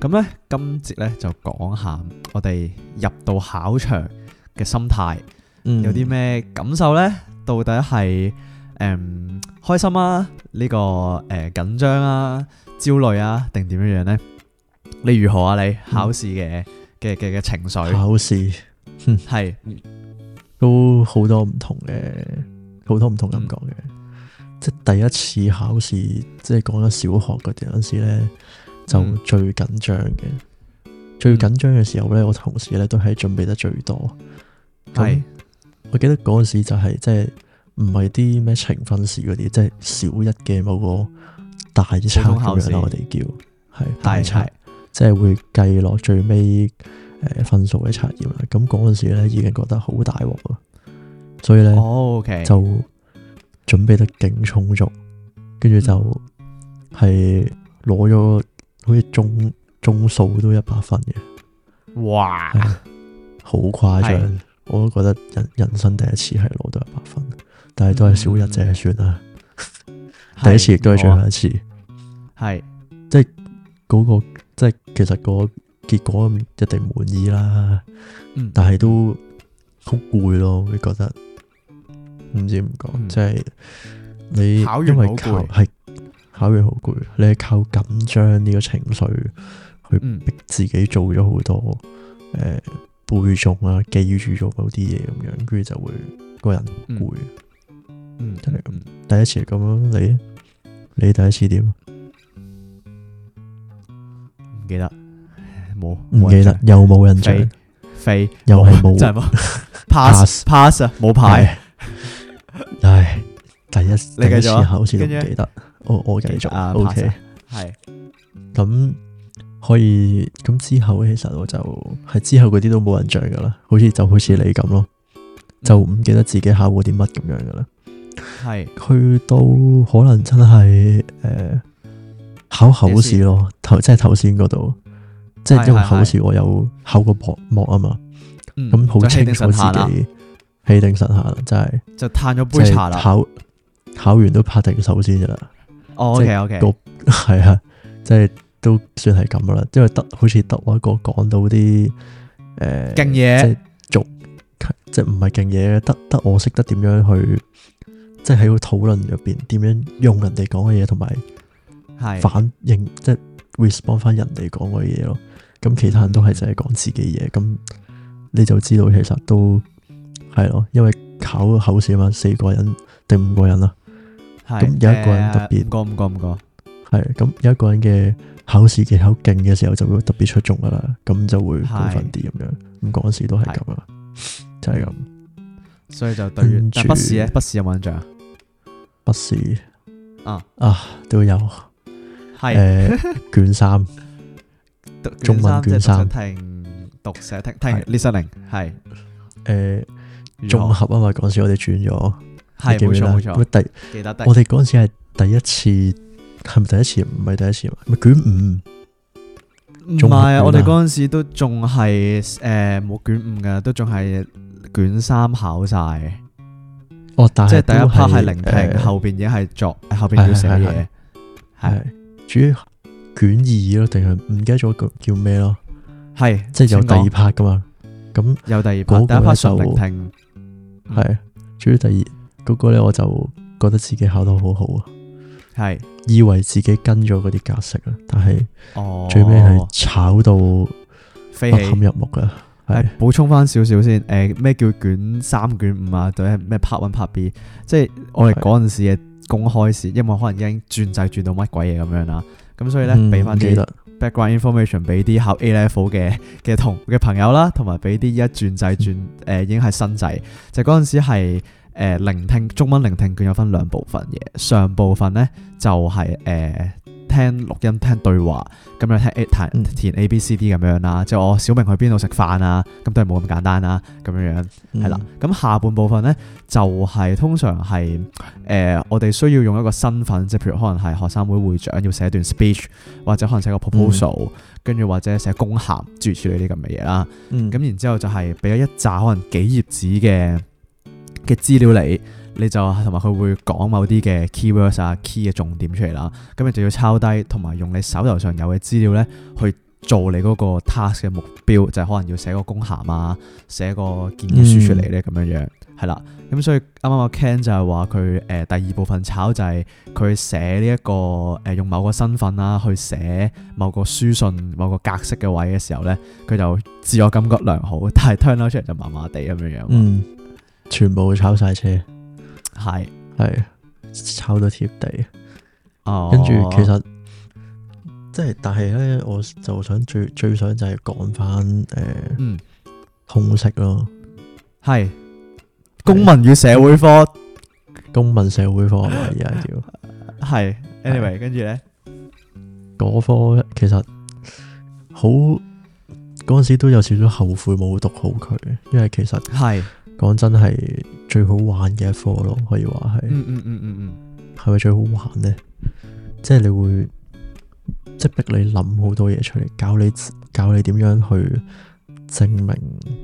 Speaker 2: 咁咧，今節咧就講下我哋入到考場嘅心態，嗯、有啲咩感受咧？到底係誒、嗯、開心啊？呢、這個誒緊張啊、焦慮啊，定點樣樣咧？你如何啊？你考試嘅嘅嘅嘅情緒？考試係、嗯、
Speaker 3: 都好多唔同嘅，好多唔同感覺嘅、嗯。即係第一次考試，即係講咗小學嗰陣時咧。就最緊張嘅，嗯、最緊張嘅時候咧，嗯、我同事咧都係準備得最多。係，的我記得嗰陣時就係、是、即係唔係啲咩呈分試嗰啲，即係小一嘅某個大測生啦，我哋叫係大測，即係的會計落最尾誒分數嘅測驗啦。咁嗰陣時咧已經覺得好大鑊咯，所以咧、哦 okay、就準備得勁充足，跟住就係攞咗。好似中中數都一百分嘅，
Speaker 1: 哇，好
Speaker 3: 誇張！誇張是我都覺得人人生第一次係攞到一百分，但係都係少一者算啦。是第一次亦都係最後一次，係即係嗰、那個即係其實個結果一定滿意啦，嗯、但係都好攰咯，會覺得唔知點講，嗯、即係你因為係。考完好攰，你係靠緊張呢個情緒去逼自己做咗好多誒背誦啊，記住咗某啲嘢咁樣，跟住就會個人攰。嗯，真係咁。第一次咁樣你，你第一次點？
Speaker 2: 唔記得，冇唔記得，
Speaker 3: 又冇人追飛，又係冇 pass pass 冇牌。唉，第一次第一次唔記得。我我繼續，O K，係，咁可以咁之後，其實我就喺之後嗰啲都冇印象噶啦，好似就好似你咁咯，就唔記得自己考過啲乜咁樣噶啦，
Speaker 2: 係
Speaker 3: 去到可能真係誒考口試咯，頭即係頭先嗰度，即係因為口試我有考過薄膜啊嘛，咁好清楚自己氣定神閒，啦，真係就嘆咗杯茶啦，考考完都拍定手先噶啦。
Speaker 2: 哦，OK，OK，係啊，即係、oh, okay,
Speaker 3: okay. 都算係咁啦，因為得好似得我一個講到啲誒勁嘢，即係害、呃就是、做，即係唔係勁嘢，得得我識得點樣去，即係喺個討論入邊點樣用人哋講嘅嘢，同埋反應，即係 respond 翻人哋講嘅嘢咯。咁其他人都係淨係講自己嘢，咁你就知道其實都係咯，因為考口試啊嘛，四個人定五個人啊。咁有一個人特別唔覺唔覺唔覺，係咁有一個人嘅考試技巧勁嘅時候就會特別出眾噶啦，咁就會高分啲咁樣。咁嗰時都係咁啊，就係咁。
Speaker 2: 所以就對於但筆試咧，筆試有冇印象？
Speaker 3: 筆試啊啊都有，
Speaker 2: 係誒
Speaker 3: 卷三。中文卷三
Speaker 2: 聽讀寫聽聽
Speaker 3: listening，係誒綜合啊嘛。嗰時我哋轉咗。係冇錯，第我哋嗰陣時係第一次，係咪第一次？唔係第一次咪卷五？唔係，我哋嗰
Speaker 2: 陣時都仲係誒冇卷五嘅，都仲係卷三考晒。哦，即係第一 part 係聆聽，後邊已經係作，後邊要寫嘢。係
Speaker 3: 主要卷二咯，定係唔記得咗叫咩咯？係即係有第二 part 噶嘛？咁有第二 part，第一 part 係聆聽。係主要第二。嗰個咧，我就覺得自己考得好好啊，係是以為自
Speaker 2: 己跟咗嗰啲格式啊，但係、哦、最尾係
Speaker 3: 炒到飛起不堪入目嘅。誒
Speaker 2: 是，補充翻少少先，誒、呃、咩叫卷三卷五啊？對，咩 part A part B？即係我哋嗰陣時嘅公開試，是因為可能已經轉制轉到乜鬼嘢咁樣啦，咁所以咧俾翻啲 background information 俾啲考 A level 嘅嘅同嘅朋友啦，同埋俾啲一轉制轉誒、嗯、已經係新制，就嗰、是、陣時係。誒、呃，聆聽中文聆聽卷有分兩部分嘅，上部分咧就係、是、誒、呃、聽錄音聽對話，咁樣聽 A 填 A、嗯填 A、B、C、D 咁樣啦，即係我小明去邊度食飯啊，咁都係冇咁簡單啦，咁樣樣係啦。咁下半部分咧就係、是、通常係誒、呃，我哋需要用一個身份，即係譬如可能係學生會會長要寫一段 speech，或者可能寫個 proposal，跟住、嗯、或者寫公函，處理呢啲咁嘅嘢啦。咁、嗯、然之後，後就係俾咗一紮可能幾頁紙嘅。嘅資料嚟，你就同埋佢會講某啲嘅 keywords 啊 key 嘅重點出嚟啦。咁你就要抄低，同埋用你手頭上有嘅資料咧去做你嗰個 task 嘅目標，就是、可能要寫個公函啊，寫個建議書出嚟咧咁樣樣，係啦。咁所以啱啱阿 Ken 就係話佢誒第二部分炒就係佢寫呢、這、一個誒、呃、用某個身份啦、啊、去寫某個書信某個格式嘅位嘅時候咧，佢就自我感覺良好，但係 turn out 出嚟就麻麻地咁樣樣。嗯
Speaker 3: 全部炒晒車，係係炒到貼地，哦。跟住其實即係，但係咧，我就想最最想就係講翻誒，通識、呃、嗯、咯，係是公民與社會科，公民社會科而家叫，
Speaker 2: 係 anyway，是跟住咧
Speaker 3: 嗰科其實好嗰陣時都有少少後悔冇讀好佢，因為其實係。 講真係最好玩嘅一科咯，可以話係、嗯。嗯嗯嗯嗯嗯，係咪最好玩咧？即係你會即係逼你諗好多嘢出嚟，教你教你點樣去證明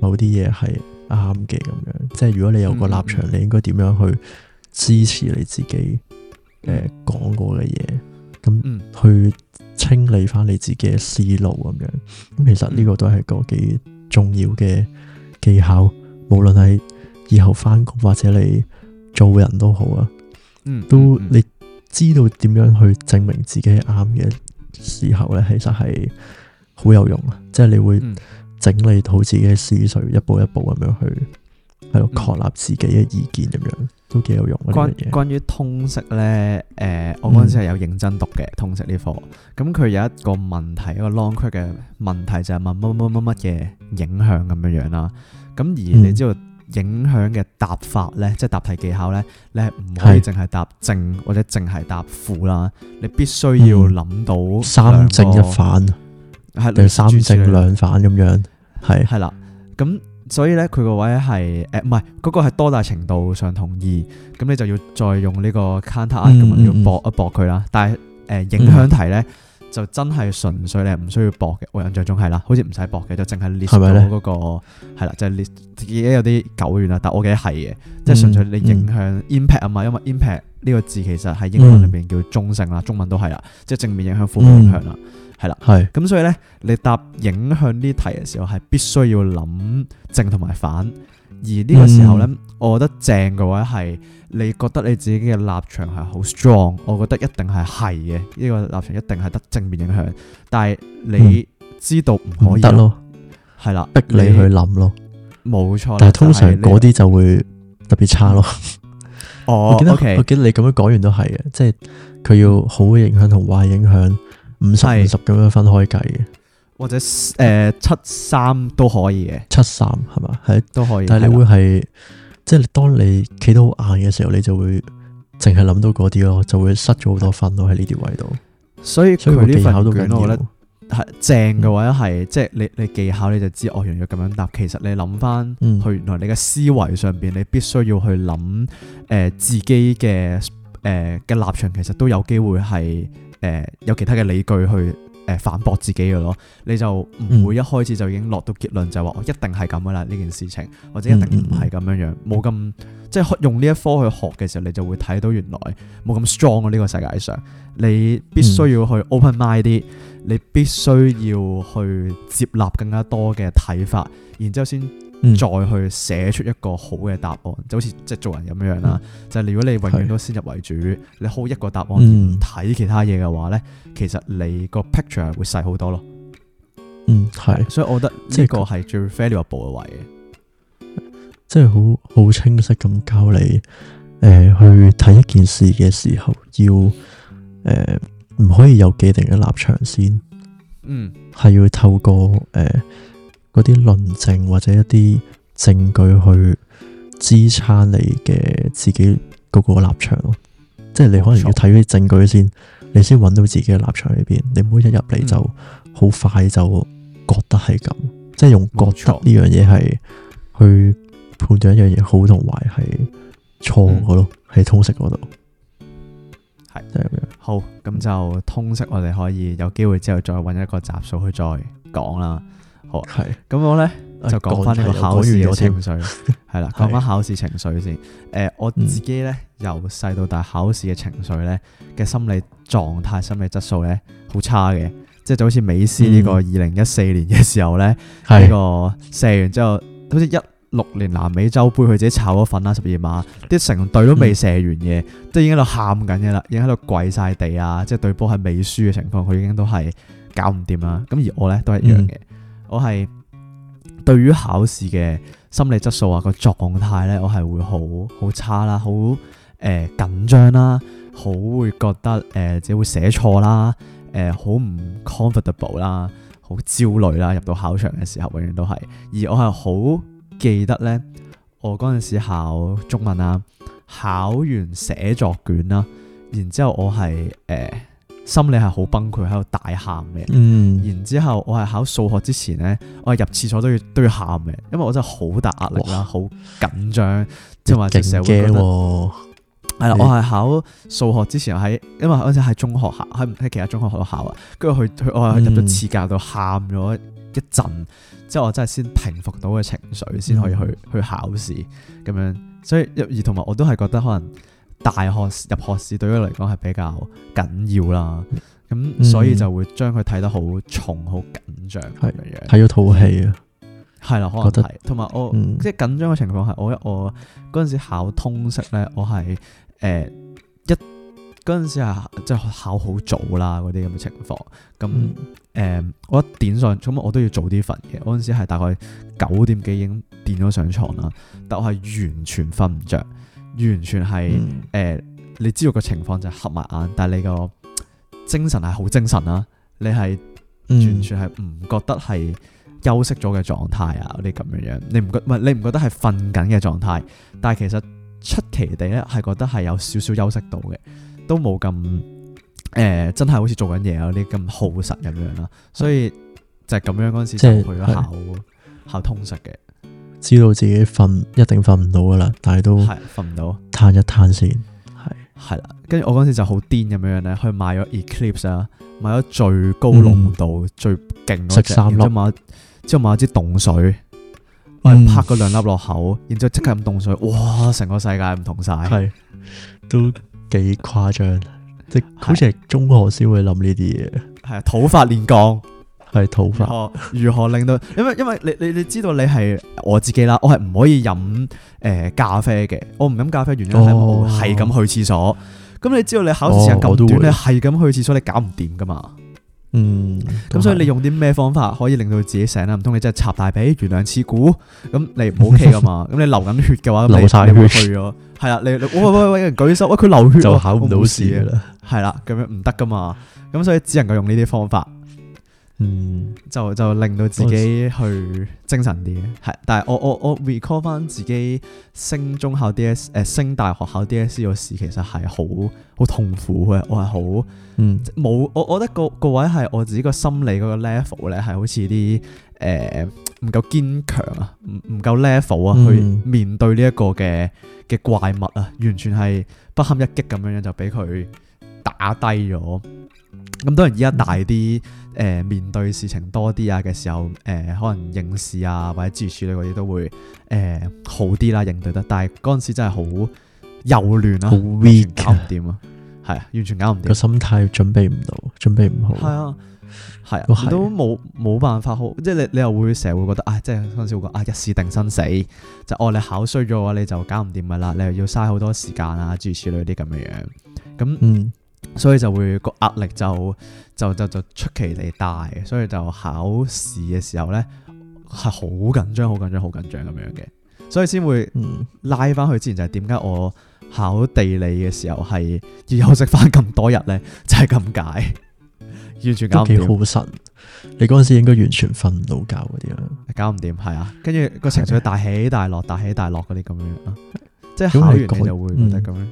Speaker 3: 某啲嘢係啱嘅咁樣。即係如果你有個立場，嗯、你應該點樣去支持你自己誒講、呃、過嘅嘢？咁去清理翻你自己嘅思路咁樣咁，其實呢個都係個幾重要嘅技巧。無論係以後翻工或者你做人都好啊，嗯，都你知道點樣去證明自己啱嘅時候咧，嗯、其實係好有用啊。嗯、即係你會整理好自己嘅思緒，一步一步咁樣去喺度確立自己嘅意見，咁、嗯、樣都幾有用關。關
Speaker 2: 關於通識咧，誒、呃，我嗰陣時係有認真讀嘅、嗯、通識呢科，咁佢有一個問題，一個 long Q 嘅問題就係問乜乜乜乜嘅影響咁樣樣啦。咁而你知道影響嘅答法咧，即係答題技巧咧，你係唔可以淨係答正或者淨係答負啦，你必須要諗到三正一反，係定三正兩
Speaker 3: 反咁樣，係
Speaker 2: 係啦。咁所以咧，佢個位係誒唔係嗰個係多大程度上同意？咁你就要再用呢個 counter 咁樣，要搏一搏佢啦。但係誒影響題咧。就真係純粹你唔需要搏嘅，我印象中係啦，好似唔使搏嘅，就淨係列咗嗰、那個係啦吧，就係、列自己有啲久遠啦。但我記得係嘅，嗯、即係純粹你影響 impact 啊嘛、嗯，因為 impact 呢個字其實喺英文裏邊叫中性啦，嗯、中文都係啦，即係正面影響，負面影響啦，係啦。係咁所以咧，你答影響呢題嘅時候係必須要諗正同埋反。而呢個時候呢，嗯、我覺得正嘅話係，你覺得你自己嘅立場係好 strong，我覺得一定係係嘅，呢、這個立場一定係得正面影響。但係你知道唔可以。得咯、嗯，係啦，逼你去諗咯。冇錯。錯，但係通常嗰啲
Speaker 3: 就會特別差咯。
Speaker 2: 哦， 我記得，okay.
Speaker 3: 記得你咁樣講完都係嘅，即係佢要好嘅影響同壞影響五十五十咁樣分開計嘅。
Speaker 2: 或者誒七三都可以嘅，
Speaker 3: 七三係嘛係都可以。但係你會係的即係當你企到硬嘅時候，你就會淨係諗到嗰啲咯，就會失咗好多分咯喺呢啲位度。所以佢呢份卷弦 我，我覺得
Speaker 2: 係正嘅話係即係你你技巧你就知，哦。我想要咁樣答。其實你諗翻去原來你嘅思維上邊，嗯、你必須要去諗誒、呃、自己嘅誒嘅立場，其實都有機會係誒、呃、有其他嘅理據去。誒反駁自己嘅咯，你就唔會一開始就已經落到結論，嗯、就話我一定係咁嘅啦呢件事情，或者一定唔係咁樣樣，冇咁、嗯、即係用呢一科去學嘅時候，你就會睇到原來冇咁 strong 嘅、啊、呢、呢個世界上，你必須要去 open mind 啲，你必須要去接納更加多嘅睇法，然之後先。再去寫出一個好嘅答案，就好似即係做人咁樣啦。嗯、就係如果你永遠都先入為主，是你好一個答案而唔睇其他嘢嘅話咧，嗯、其實你個 picture 會細好多咯。
Speaker 3: 嗯，係，
Speaker 2: 所以我覺得呢個係最 valuable 嘅位
Speaker 3: 嘅，即係好好清晰咁教你，誒、呃、去睇一件事嘅時候要，誒、呃、唔可以有既定嘅立場先。嗯，係要透過誒。呃嗰啲論證或者一啲證據去支撐你嘅自己個個立場咯，錯即係你可能要睇啲證據先，你先搵到自己嘅立場裏邊。你唔好一入嚟就好快就覺得係咁，嗯、即係用覺得」呢樣嘢，係去判斷一樣嘢好同壞係錯嘅咯，喺錯通識嗰度係就係咁樣
Speaker 2: 好。咁就通識，我哋可以有機會之後再搵一個集數去再講啦。好，係咁我咧就講翻呢個考試情緒係啦，講翻考試情緒先。誒，我自己咧由細到大考試嘅情緒咧嘅心理狀態、心理質素咧好差嘅，即係就好似美斯呢個二零一四年嘅時候咧呢個射完之後，好似一六年南美洲杯佢自己炒咗粉啦，十二碼啲成隊都未射完嘢，即係已經喺度喊緊嘅啦，已經喺度跪晒地啊！即係對波係未輸嘅情況，佢已經都係搞唔掂啦。咁而我咧都係一樣嘅。我係對於考試嘅心理質素啊、個狀態咧，我係會好好差啦、啊，好誒緊張啦，好、呃啊、會覺得誒自己會寫錯啦，誒好唔 comfortable 啦，好、啊、焦慮啦、啊，入到考場嘅時候永遠都係，而我係好記得咧，我嗰陣時考中文啊，考完寫作卷啦、啊，然之後我係誒。呃心理係好崩潰，喺度大喊嘅。嗯、然之後，我係考數學之前咧，嗯、我係入廁所都要都要喊嘅，因為我真係好大壓力啦，好緊張。勁驚喎！係啦的、哦嗯，我係考數學之前喺，因為嗰陣喺中學校，喺喺其他中學學校啊。跟住去去，我係入咗廁格度喊咗一陣，之後我、嗯、我真係先平復到嘅情緒，先可以去去考試咁樣。所以入而同埋我都係覺得可能。大學入學試對於佢嚟講係比較緊要啦，咁、嗯、所以就會將佢睇得好重、好緊張，係咪樣？係要套戲啊，係啦、嗯得，可能係。同埋、嗯、我即係緊張嘅情況係我我嗰陣時考通識咧，我係誒、呃、一嗰陣時係即係考好早啦，嗰啲咁嘅情況。咁誒、嗯呃，我一點上咁我都要早啲瞓嘅。嗰陣時係大概九點幾已經墊咗上床啦，嗯、但我係完全瞓唔着。完全係誒、嗯呃，你知道個情況就係合埋眼，但係你個精神係好精神啦、啊。你係完全係唔覺得係休息咗嘅狀態啊，嗰啲咁樣樣，你唔覺唔係你唔覺得係瞓緊嘅狀態，但係其實出奇地咧係覺得係有少少休息到嘅，都冇咁誒，真係好似做緊嘢嗰啲咁耗神咁樣啦、啊。所以就係咁樣嗰陣時就去咗考、嗯、考通識嘅。
Speaker 3: 知道自己瞓一定瞓唔到噶啦，但係都瞓唔到，攤一攤先。
Speaker 2: 係係啦，跟住我嗰陣時就好癲咁樣咧，去買咗 Eclipse，啊，買咗最高濃度、嗯、最勁嗰隻，三粒然之買之後買支凍水，我、嗯、拍嗰兩粒落口，然之後即刻咁飲凍水，哇！成個世界唔同晒，係都幾誇張，即 好似係中學先會諗呢啲嘢，係土法煉鋼。係桃花，如何令到？因為因為你你你知道你係我自己啦，我係唔可以飲誒咖啡嘅，我唔飲咖啡原因係我係咁去廁所。咁你知道你考試時間咁短，你係咁去廁所你搞唔掂噶嘛？嗯，咁所以你用啲咩方法可以令到自己醒啦？唔通你真係插大髀，懸梁刺股咁？你唔 OK 噶嘛？咁你流緊血嘅話，流晒血去咗，係啦，你喂喂喂，人舉手，喂佢流血，就考唔到試啦，係啦，咁樣唔得噶嘛？咁所以只能夠用呢啲方法。嗯，就就令到自己去精神啲嘅，係、嗯，但係我我我，我 recall 翻自己升中考 D S 誒、呃、升大學考 D S C 個時，其實係好好痛苦嘅。我係好，嗯，冇，我我覺得個個位係我自己個心理嗰個 level 咧，係好似啲誒唔夠堅強啊，唔唔夠 level 啊，嗯、去面對呢一個嘅嘅怪物啊，完全係不堪一擊咁樣樣就俾佢打低咗。咁當然依家大啲，誒、嗯呃、面對事情多啲啊嘅時候，誒、呃、可能應試啊或者諸如此類嗰啲都會誒、呃、好啲啦，應對得。但係嗰陣時真係好幼嫩啊，好 weak，搞唔掂啊，係 啊，完全搞唔掂。個
Speaker 3: 心態準備唔到，準備唔好。係、
Speaker 2: 嗯、啊，係啊，哦、啊都冇冇辦法好，即係你你又會成日會覺得啊、哎，即係嗰陣時會講啊，一試定生死，就哦你考衰咗嘅話你就搞唔掂㗎啦，你又要嘥好多時間啊，諸如此類啲咁嘅樣。咁嗯。嗯。所以就會個壓力就就就就出奇地大，所以就考試嘅時候咧係好緊張、好緊張、好緊張咁樣嘅，所以先會拉翻去之前就係點解我考地理嘅時候係要休息翻咁多日咧，就係咁解。完全搞唔掂。都幾好
Speaker 3: 神，你嗰陣時應該完全瞓唔到覺嗰啲
Speaker 2: 啦，搞唔掂係啊，跟住個情緒大起大落、的大起大落嗰啲咁樣啊，即係考完就會覺得咁樣。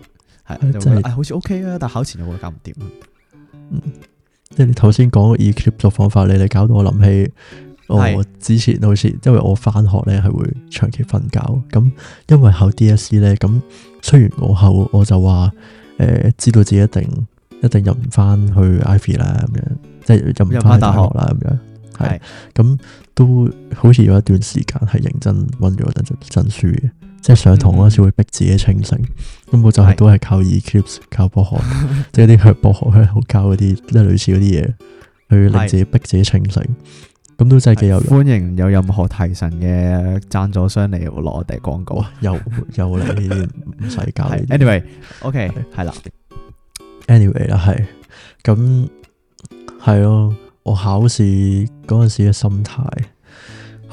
Speaker 2: 係啊，即係是、哎，好似 OK 啊，但考前又會搞唔掂。嗯，
Speaker 3: 即係你頭先講個耳 clip 作方法，你嚟搞到我諗起，我之前好似，是因為我翻學咧係會長期瞓覺，咁因為考 DSE 咧，咁雖然我考，我就話，誒、呃，知道自己一定一定入唔翻去 Ivy 啦，咁樣，即係入唔翻大學啦，咁樣，係是，咁是。都好似有一段時間係認真溫咗一陣真書嘅，即係上堂嗰陣時會逼自己清醒，根本就係都係靠 Eclipse，靠薄荷，即係啲香薄荷香好膠嗰啲，即係類似嗰啲嘢，去令自己逼自己清醒，咁都真係幾有用。
Speaker 2: 歡迎有任何提神嘅贊助商嚟落我哋廣告啊，又又嚟呢啲唔使教。Anyway，OK，係啦
Speaker 3: ，Anyway 啦，係咁係咯。我考試嗰陣時嘅心態，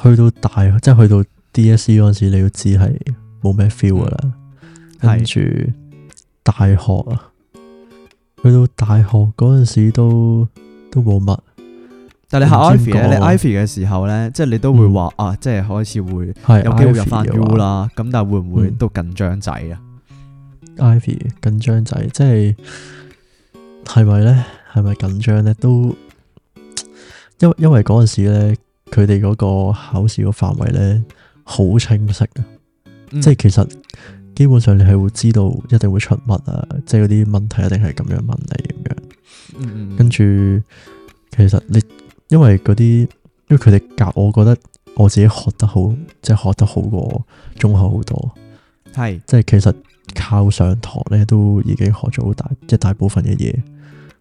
Speaker 3: 去到大學即係去到 DSE 嗰陣時，你要知係冇咩 feel 㗎喇。跟住大學啊，去到大學嗰陣時都都冇乜。
Speaker 2: 但係你考 Ivy 咧，你 Ivy 嘅時候咧，即係你都會話、嗯、啊，即係開始會有機會，會入翻 U 啦。咁、嗯、但係會唔會都緊張仔
Speaker 3: 啊？Ivy 緊張仔，即係係咪咧？係咪緊張咧？都。因因為嗰陣時咧，佢哋嗰個考試個範圍咧好清晰嘅，嗯、即係其實基本上你係會知道一定會出乜啊，即係嗰啲問題一定係咁樣問你咁樣。嗯嗯，跟住其實你因為嗰啲因為佢哋教，我覺得我自己學得好，即係學得好過中學好多，係即係其實靠上堂咧都已經學咗好大即係大部分嘅嘢，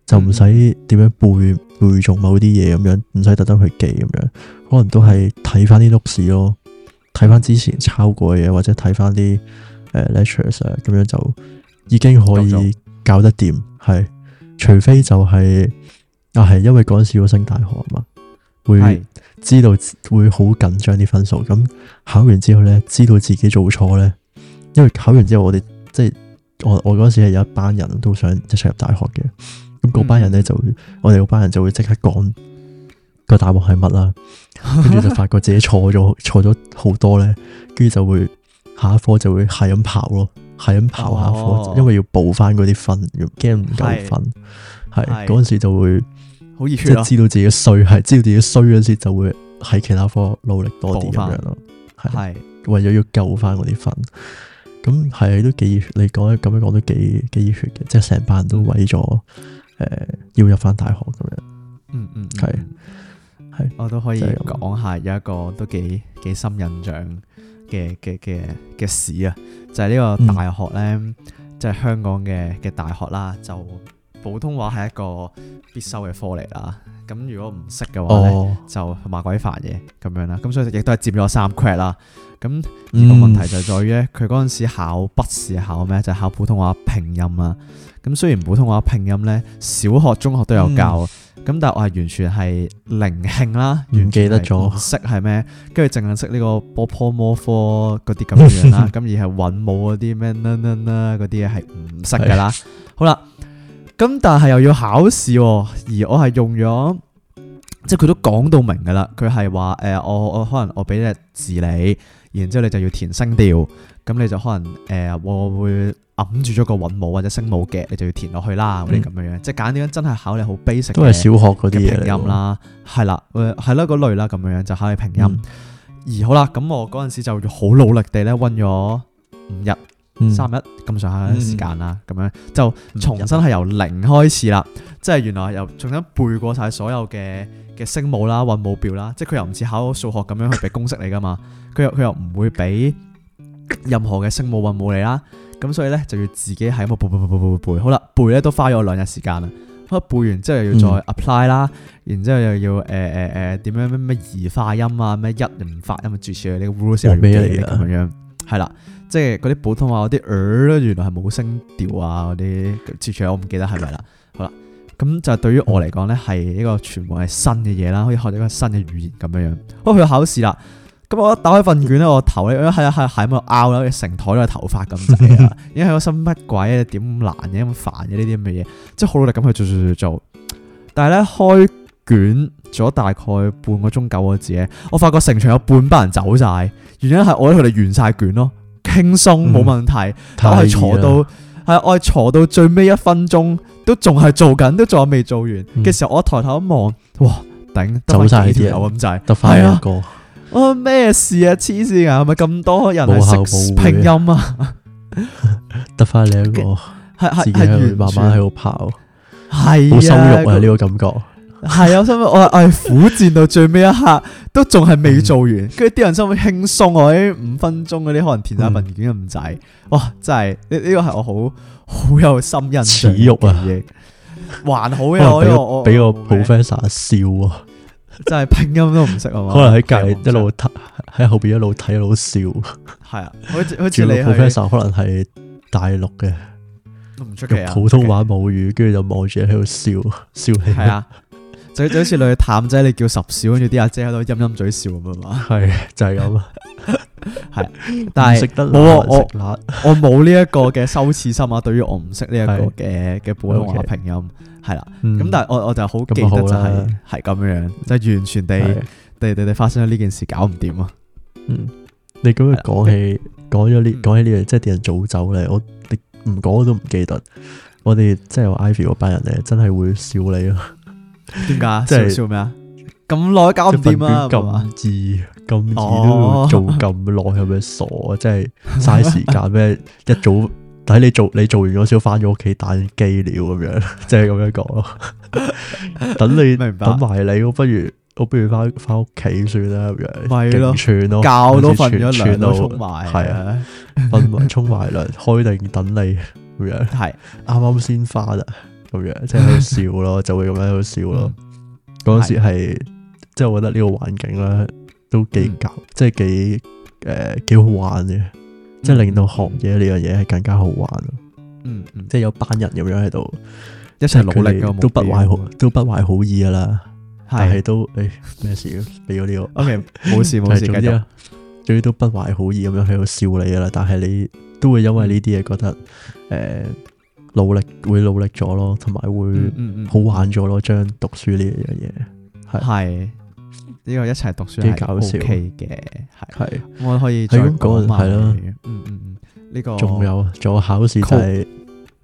Speaker 3: 就唔使點樣背。嗯嗯背誦某啲嘢咁樣，唔使特登去記咁樣，可能都係睇翻啲 notes 咯，睇翻之前抄過嘅嘢，或者睇翻啲誒、呃、lecture 咁樣就已經可以搞得掂。係走，除非就係、是、啊，係因為嗰陣時要升大學啊嘛，會知道會好緊張啲分數。咁考完之後咧，知道自己做錯咧，因為考完之後我哋即係我我嗰時係有一班人都想一齊入大學嘅。咁嗰班人咧就，我哋嗰班人就會即刻講個答案係乜啦，跟住就發覺自己錯咗錯咗好多咧，跟住就會下一科就會係咁跑咯，係咁跑下科，因為要補翻嗰啲分，驚唔夠分，係嗰陣時就會好熱血咯。即係知道自己衰，係知道自己衰嗰陣時，就會喺其他科努力多啲咁樣咯，係係為咗要救翻嗰啲分。咁係都幾熱血，你講咁樣講都幾幾熱血嘅，即係成班人都為咗。誒，要入翻大學
Speaker 2: 咁樣、嗯，嗯嗯係，係是是我都可以講下有一個都幾幾深印象嘅嘅嘅嘅事啊，就係、是、呢個大學咧，即係、嗯、香港嘅嘅大學啦，就普通話係一個必修嘅科嚟啦，咁如果唔識嘅話咧，哦、就麻鬼煩嘅咁樣啦，咁所以亦都係佔咗三 credit 啦，咁呢個問題就係在於咧，佢嗰陣時考筆試考咩，就是、考普通話拼音啊。咁雖然普通話拼音咧，小學、中學都有教，咁、嗯、但係我係完全係零慶啦，唔記得咗，識係咩？跟住凈係識呢個波波摩科嗰啲咁樣 呢呢呢呢啦，咁而係韻母嗰啲咩呢啦啦嗰啲嘢係唔識噶啦。好啦，咁但係又要考試喎、哦，而我係用咗，即係佢都講到明噶啦，佢係話誒，我我可能我俾隻字你。然之後你就要填聲調，咁你就可能誒、呃，我會揞住咗個韻母或者聲母嘅，你就要填落去啦，嗰啲咁樣樣，即係揀啲樣真係考你好 basic，都係小學嗰啲嘅拼音啦，係、嗯、啦，誒係啦嗰類啦，咁樣樣就考你拼音。嗯、而好啦，咁我嗰陣時就好努力地咧溫咗五日、三、嗯、日咁上下時間啦，咁、嗯、樣就重新係由零開始啦。即係原來又重新背過晒所有嘅嘅聲母啦、韻母表啦，即係佢又唔似考數學咁樣去俾公式你噶嘛。佢又佢又唔會俾任何嘅聲母韻母你啦，咁所以咧就要自己喺度背背背背背好啦，背咧都花咗我兩日時間啦。咁背完之後要再 apply 啦，然之後又要誒誒誒點樣咩咩兒化音啊，咩一零發音啊，諸如此類個 rules 係咩嚟嘅咁樣係啦。即係嗰啲普通話嗰啲原來係冇聲調啊，嗰啲諸如我唔記得係咪啦。咁就係對於我嚟講咧，係一個全部係新嘅嘢啦，可以學一個新嘅語言咁樣樣。不、哦、過去考試啦，咁、嗯、我一打開份卷咧，我頭咧係啊係係咁拗啦，成台都係頭髮咁滯啊！點解 我心乜鬼啊？點難嘅咁煩嘅呢啲咁嘅嘢，即係好努力咁去做做做做，做。但係咧開卷咗大概半個鐘九個字，我發覺成場有半班人走晒，原因係我咧佢哋完晒卷咯，輕鬆冇問題，可以、嗯、坐到。係我坐到最尾一分鐘，都仲係做緊，都仲未做完嘅、嗯、時候，我抬頭一望，哇！頂，走晒呢條友咁滯，得翻一個。啊咩事啊？黐線啊！係咪咁多人拼音啊？得
Speaker 3: 翻你一個。係係係，慢慢喺度跑，係好羞辱啊！呢個感覺。
Speaker 2: 係啊，我我我係苦戰到最尾一刻，都仲係未做完。跟住啲人心好輕鬆，我喺五分鐘嗰啲可能填晒文件咁滯。哇，真係呢呢個係我好好有心恥辱嘅嘢，還好啊。俾個俾個
Speaker 3: professor 笑啊，
Speaker 2: 真係拼音都唔識啊。可能喺
Speaker 3: 隔籬，一路睇喺後邊一路睇一路笑。係啊，好似你 professor 可能係大陸嘅，都唔出奇，普通話母語，跟住就望住喺度笑笑起。啊。
Speaker 2: 就好似你去探仔，你叫十少，跟住啲阿姐喺度陰陰嘴笑咁樣嘛，係就係咁啊，係， 但係食得我我我冇呢一個嘅羞恥心啊，對於我唔識呢一個嘅嘅普通話拼音係啦，咁、 嗯、但係我我就好記得就係係咁樣，即係完全地，地哋哋發生咗呢件事搞唔掂啊，嗯，
Speaker 3: 你今日講起講咗呢講起呢樣，即係啲人早走咧，我你唔講我都唔記得，我哋即係 Ivy 嗰班人咧，真係會笑你啊。
Speaker 2: 點解？即係笑咩啊？咁耐搞掂啊！咁易咁易都要做
Speaker 3: 咁耐，係咪傻？即係嘥時間咩？一早睇你做，你做完咗先翻咗屋企打機了咁樣，即係咁樣講。等你明白等埋你，我不如我不如翻翻屋企算啦咁樣。咪咯，覺都瞓咗兩度，係啊，瞓埋沖埋涼，開定等你咁樣。係啱啱先花啦。咁樣即係喺度笑咯，就會咁樣喺度笑咯。嗰時係即係我覺得呢個環境咧都幾搞，即係幾誒幾好玩嘅，即係令到學嘢呢樣嘢係更加好玩。嗯，即係有班人咁樣喺度一齊努力，都不懷好，都不懷好意噶啦。但係都誒咩事？俾咗呢個，OK，冇事冇事。總之啊，總之都不懷好意咁樣喺度笑你噶啦。但係你都會因為呢啲嘢覺得誒。努力會努力咗咯，同埋會好玩咗咯，將、嗯嗯、讀書呢樣嘢係，
Speaker 2: 呢、這個一齊讀書幾、OK、搞笑嘅係。係是是我可以再講係咯，嗯嗯嗯，
Speaker 3: 呢、這個仲有做考試就係，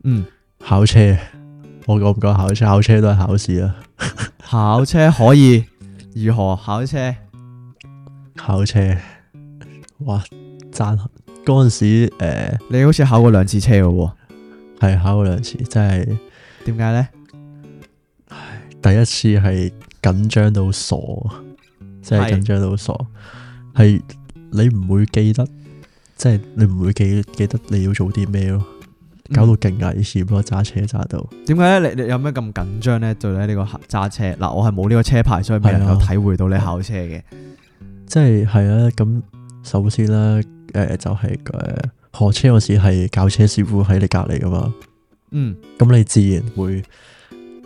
Speaker 3: 嗯考車，嗯、我講唔講考車？考車都係考試啊，
Speaker 2: 考車可以 如何考車？
Speaker 3: 考車，
Speaker 2: 考車哇
Speaker 3: 讚！嗰陣時誒，呃、你好似考過兩次車嘅喎。係考過兩次，真係點解咧？唉，第一次係緊張到傻，真係緊張到傻。係你唔會記得，嗯、即係你唔會記記得你要做啲咩咯？搞到勁危險咯，揸車揸到。
Speaker 2: 點解咧？你你有咩咁緊張咧？對咧呢個揸車嗱，我係冇呢個車牌，所以未能夠體會到你考車嘅、啊嗯。即係係啊，咁首先咧，誒、呃、就係、是、呃。呃
Speaker 3: 學車嗰時係教車師傅喺你隔籬噶嘛，嗯，咁你自然會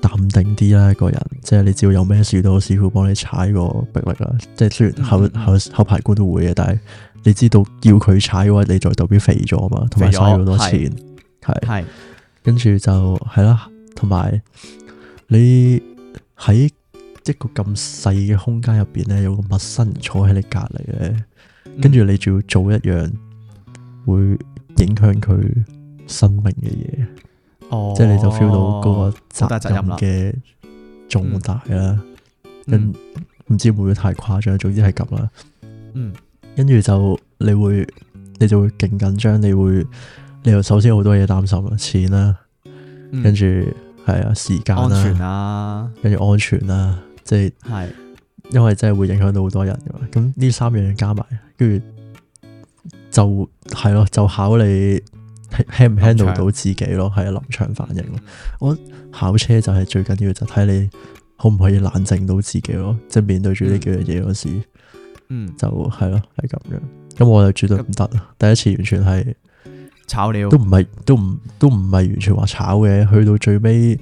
Speaker 3: 淡定啲啦，個人，即係你只要有咩事都師傅幫你踩個迫力啦，即係雖然後嗯嗯後後排官都會嘅，但係你知道要佢踩嘅話，你就代表肥咗啊嘛，同埋嘥好多錢，係係，跟住就係啦，同埋你喺一個咁細嘅空間入邊咧，有個陌生人坐喺你隔籬嘅。跟住你仲要做一樣。嗯嗯會影響佢生命嘅嘢，哦、即係你就 feel 到嗰個責任嘅重大啦。嗯，唔、嗯、知會唔會太誇張，總之係咁啦。嗯，跟住就你會，你就會勁緊張，你會，你又首先好多嘢擔心啦，錢啦、啊，跟住係啊，時間啦、啊，跟住安全啦、啊啊，即係，係是，因為真係會影響到好多人㗎嘛。咁呢三樣加埋，跟住。就係咯，就考你 handle 唔 handle 到自己咯，係啊，臨場反應咯。嗯、我考車就係最緊要就睇、是、你可唔可以冷靜到自己咯，即、就、係、是、面對住呢幾樣嘢嗰時，嗯，就係咯，係咁樣。咁我就絕對唔得啊，嗯、第一次完全係炒料了，都唔係，都唔都唔係完全話炒嘅，去到最尾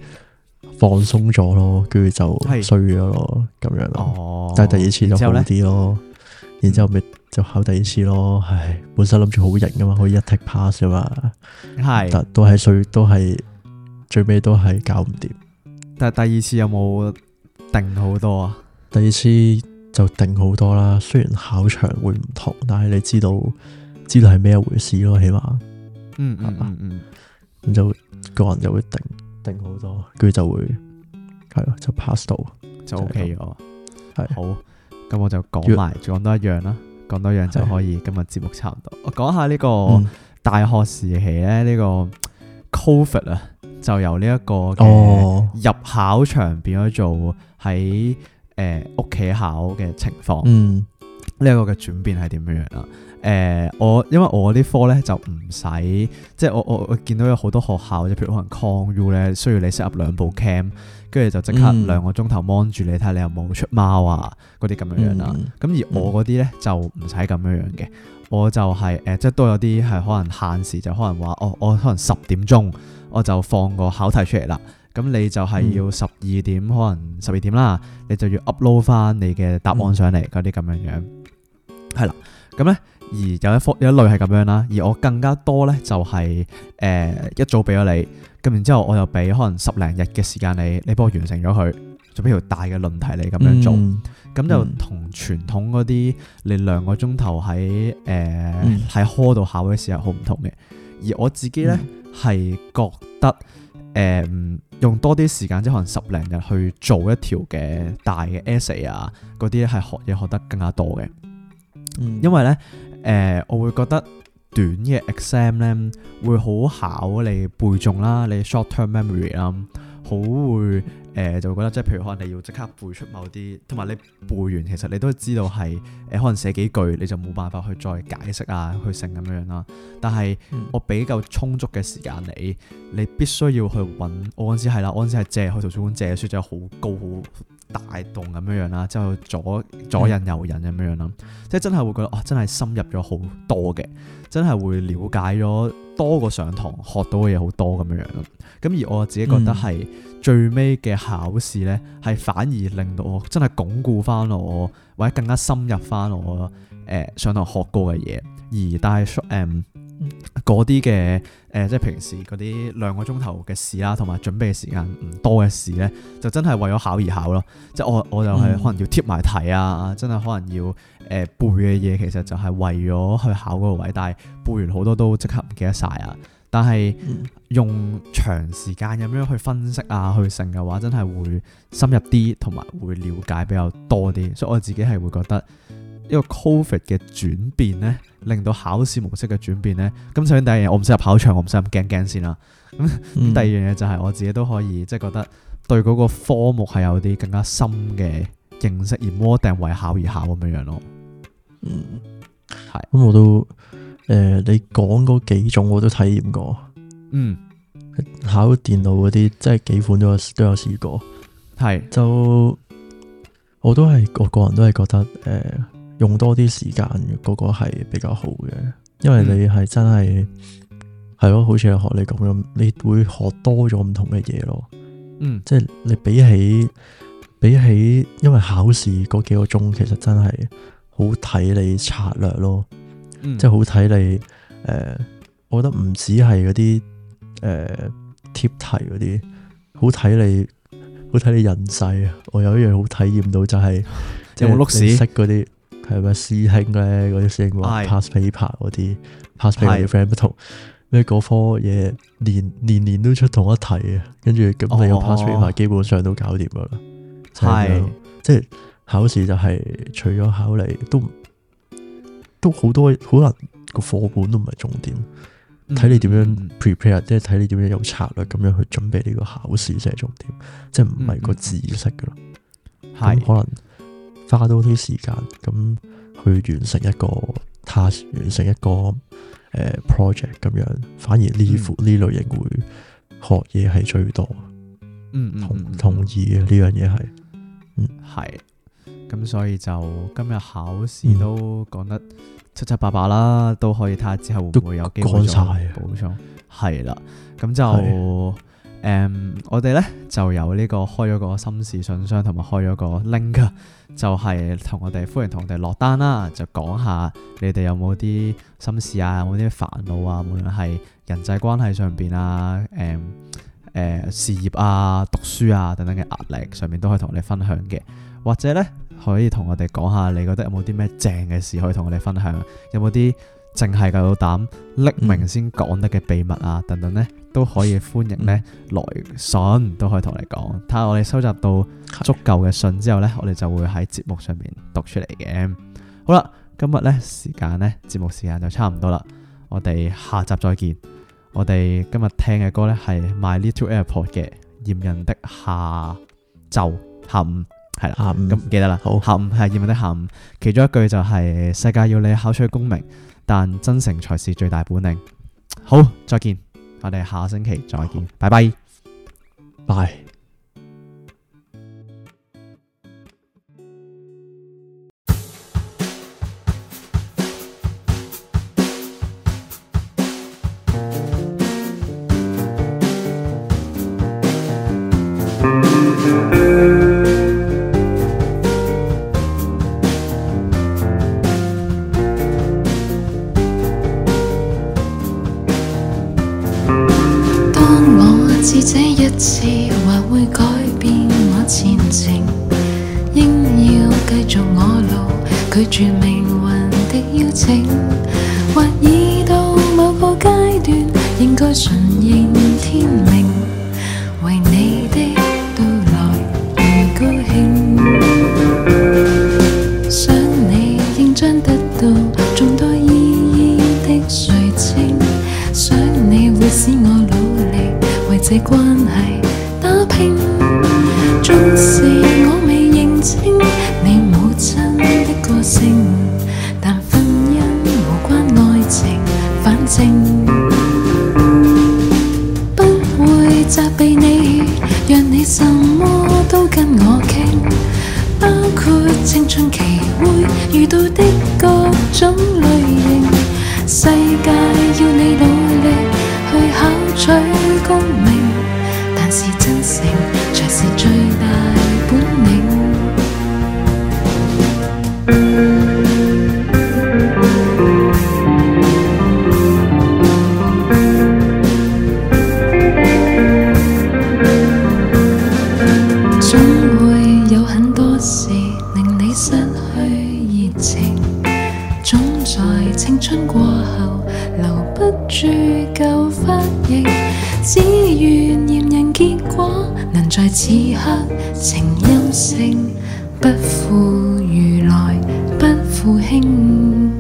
Speaker 3: 放鬆咗咯，跟住就衰咗咯，咁是樣咯。但係、哦、第二次就好啲咯，然之後咪。就考第二次咯，唉、哎，本身諗住好型噶嘛，可以一 take pass 嘅嘛，係是，但都係最都係最尾都係搞唔掂。
Speaker 2: 但係第二次有冇定好多啊？
Speaker 3: 第二次就定好多啦。雖然考場會唔同，但係你知道知道係咩回事咯，起碼嗯嗯，嗯，嗯，嗯就個人就會定定好多，跟住就會係咯，就 pass 到
Speaker 2: 就 OK 咯，係是好，咁我就講埋，講多一樣啦。講多樣就可以，是今日節目差唔多。我講下呢個大學時期咧，呢、嗯、個 Covid 啊，就由呢一個入考場變咗做喺誒屋企考嘅情況。嗯，呢一個嘅轉變係點樣樣啊？誒、嗯，我因為我啲科咧就唔使，即、就、係、是、我我我見到有好多學校，就譬如可能 Con U 咧需要你 set up 兩部 cam。跟住就即刻兩個鐘頭望住你，睇下你有冇出貓啊？嗰啲咁樣樣啦。咁、嗯、而我嗰啲咧就唔使咁樣樣嘅，我就係、是、誒、呃，即係都有啲係可能限時，就可能話哦，我可能十點鐘我就放個考題出嚟啦。咁你就係要十二點，嗯、可能十二點啦，你就要 upload 翻你嘅答案上嚟嗰啲咁樣樣。係、嗯、啦，咁咧而有一幅有一類係咁樣啦，而我更加多咧就係、是、誒、呃、一早俾咗你。然之後我就，我又俾可能十零日嘅時間你，你幫我完成咗佢，做一條大嘅論題你咁樣做，咁、嗯、就同傳統嗰啲你兩個鐘頭喺誒喺 hall 度考嘅時候好唔同嘅。而我自己呢，係、嗯、覺得誒、呃，用多啲時間即可能十零日去做一條嘅大嘅 essay 啊，嗰啲咧係學嘢學得更加多嘅。嗯、因為呢，誒、呃，我會覺得。短嘅 exam 咧，會好考你背誦啦，你 short term memory 啦，好會誒、呃、就會覺得即係譬如可能你要即刻背出某啲，同埋你背完其實你都知道係誒、呃、可能寫幾句你就冇辦法去再解釋啊，去成咁樣啦。但係、嗯、我比較充足嘅時間，你你必須要去揾，我嗰陣時係啦，我嗰陣時係借去圖書館借書就係好高好。.大動咁樣樣啦，之後左左引右引咁樣樣啦，即係真係會覺得，哇、哦，真係深入咗好多嘅，真係會了解咗多過上堂學到嘅嘢好多咁樣樣咯。咁而我自己覺得係、嗯、最尾嘅考試呢，係反而令到我真係鞏固翻我或者更加深入翻我誒、呃、上堂學過嘅嘢，而但係誒。呃嗰啲嘅誒，即係平時嗰啲兩個鐘頭嘅事啦，同埋準備時間唔多嘅事呢，就真係為咗考而考咯。即係我我就係可能要貼埋題啊，嗯、真係可能要背嘅嘢，呃、其實就係為咗去考嗰個位。但係背完好多都即刻唔記得晒啊。但係用長時間咁樣去分析啊，去成嘅話，真係會深入啲，同埋會了解比較多啲。所以我自己係會覺得一個 COVID 嘅轉變呢。令到考試模式嘅轉變咧，咁首先第二樣我唔想入考場，我唔使咁驚驚先啦。咁 第二樣嘢就係我自己都可以，即係覺得對嗰個科目係有啲更加深嘅認識，而唔一定為考而考咁樣樣咯。嗯，
Speaker 3: 係是。咁我都誒、呃，你講嗰幾種我都體驗過。嗯，考電腦嗰啲即係幾款都有都有試過。係是，就我都係我個人都係覺得誒。呃用多啲時間嘅，嗰個係比較好嘅，因為你係真係係咯，好似學你咁樣，你會學多咗唔同嘅嘢咯。嗯，即係你比起比起，因為考試嗰幾個鐘，其實真係好睇你策略咯，嗯、即係好睇你誒、呃，我覺得唔止係嗰啲誒貼題嗰啲，好睇你好睇你人世啊。我有一樣好體驗到就係、是嗯、即係我碌屎識嗰啲。嗯係咩師兄咧？嗰啲師兄話 pass paper 嗰啲 pass paper 啲 friend 不同咩？嗰科嘢年年年都出同一題，跟住咁你個 pass paper、哦、基本上都搞掂噶啦。係、就是、是即係考試就係、是、除咗考嚟都都好多可能個課本都唔係重點，睇你點樣 prepare，嗯、即係睇你點樣有策略咁樣去準備呢個考試先係重點，即係唔係個知識噶啦。係、嗯嗯、可能。花多啲時間咁去完成一個 task，完成一個誒、呃、project 咁樣，反而呢副呢類型會學嘢係最多。嗯，同唔同意嘅呢樣嘢係，
Speaker 2: 嗯係咁，所以就今日考試都講得七七八八啦，嗯、都可以睇下之後會唔會有機會再補充係啦。咁就誒，的 um, 我哋咧就有呢個開咗個心事信箱，同埋開咗個 link 啊。就係同我哋歡迎同我哋落單啦，就講下你哋有冇啲心事啊，有冇啲煩惱啊，無論係人際關係上邊啊，誒、嗯、誒、呃、事業啊、讀書啊等等嘅壓力上面，都可以同我哋分享嘅。或者呢，可以同我哋講下你覺得有冇啲咩正嘅事可以同我哋分享，有冇啲？淨係夠膽匿名先講得嘅秘密啊，等等咧都可以歡迎咧來信，都可以同你講。睇下我哋收集到足夠嘅信之後咧，我哋就會喺節目上面讀出嚟嘅。好啦，今日咧時間咧節目時間就差唔多啦，我哋下集再見。我哋今日聽嘅歌咧係 My Little Airport 嘅《驗孕的下晝》，下午係啦，下午咁唔記得啦，好，下午係《驗孕的下午》。其中一句就係世界要你考取功名。但真誠才是最大本領。好，再見，我哋下星期再見，好拜拜，拜。
Speaker 1: 只願驗孕結果，能在此刻呈陰性，不負如來，不負卿。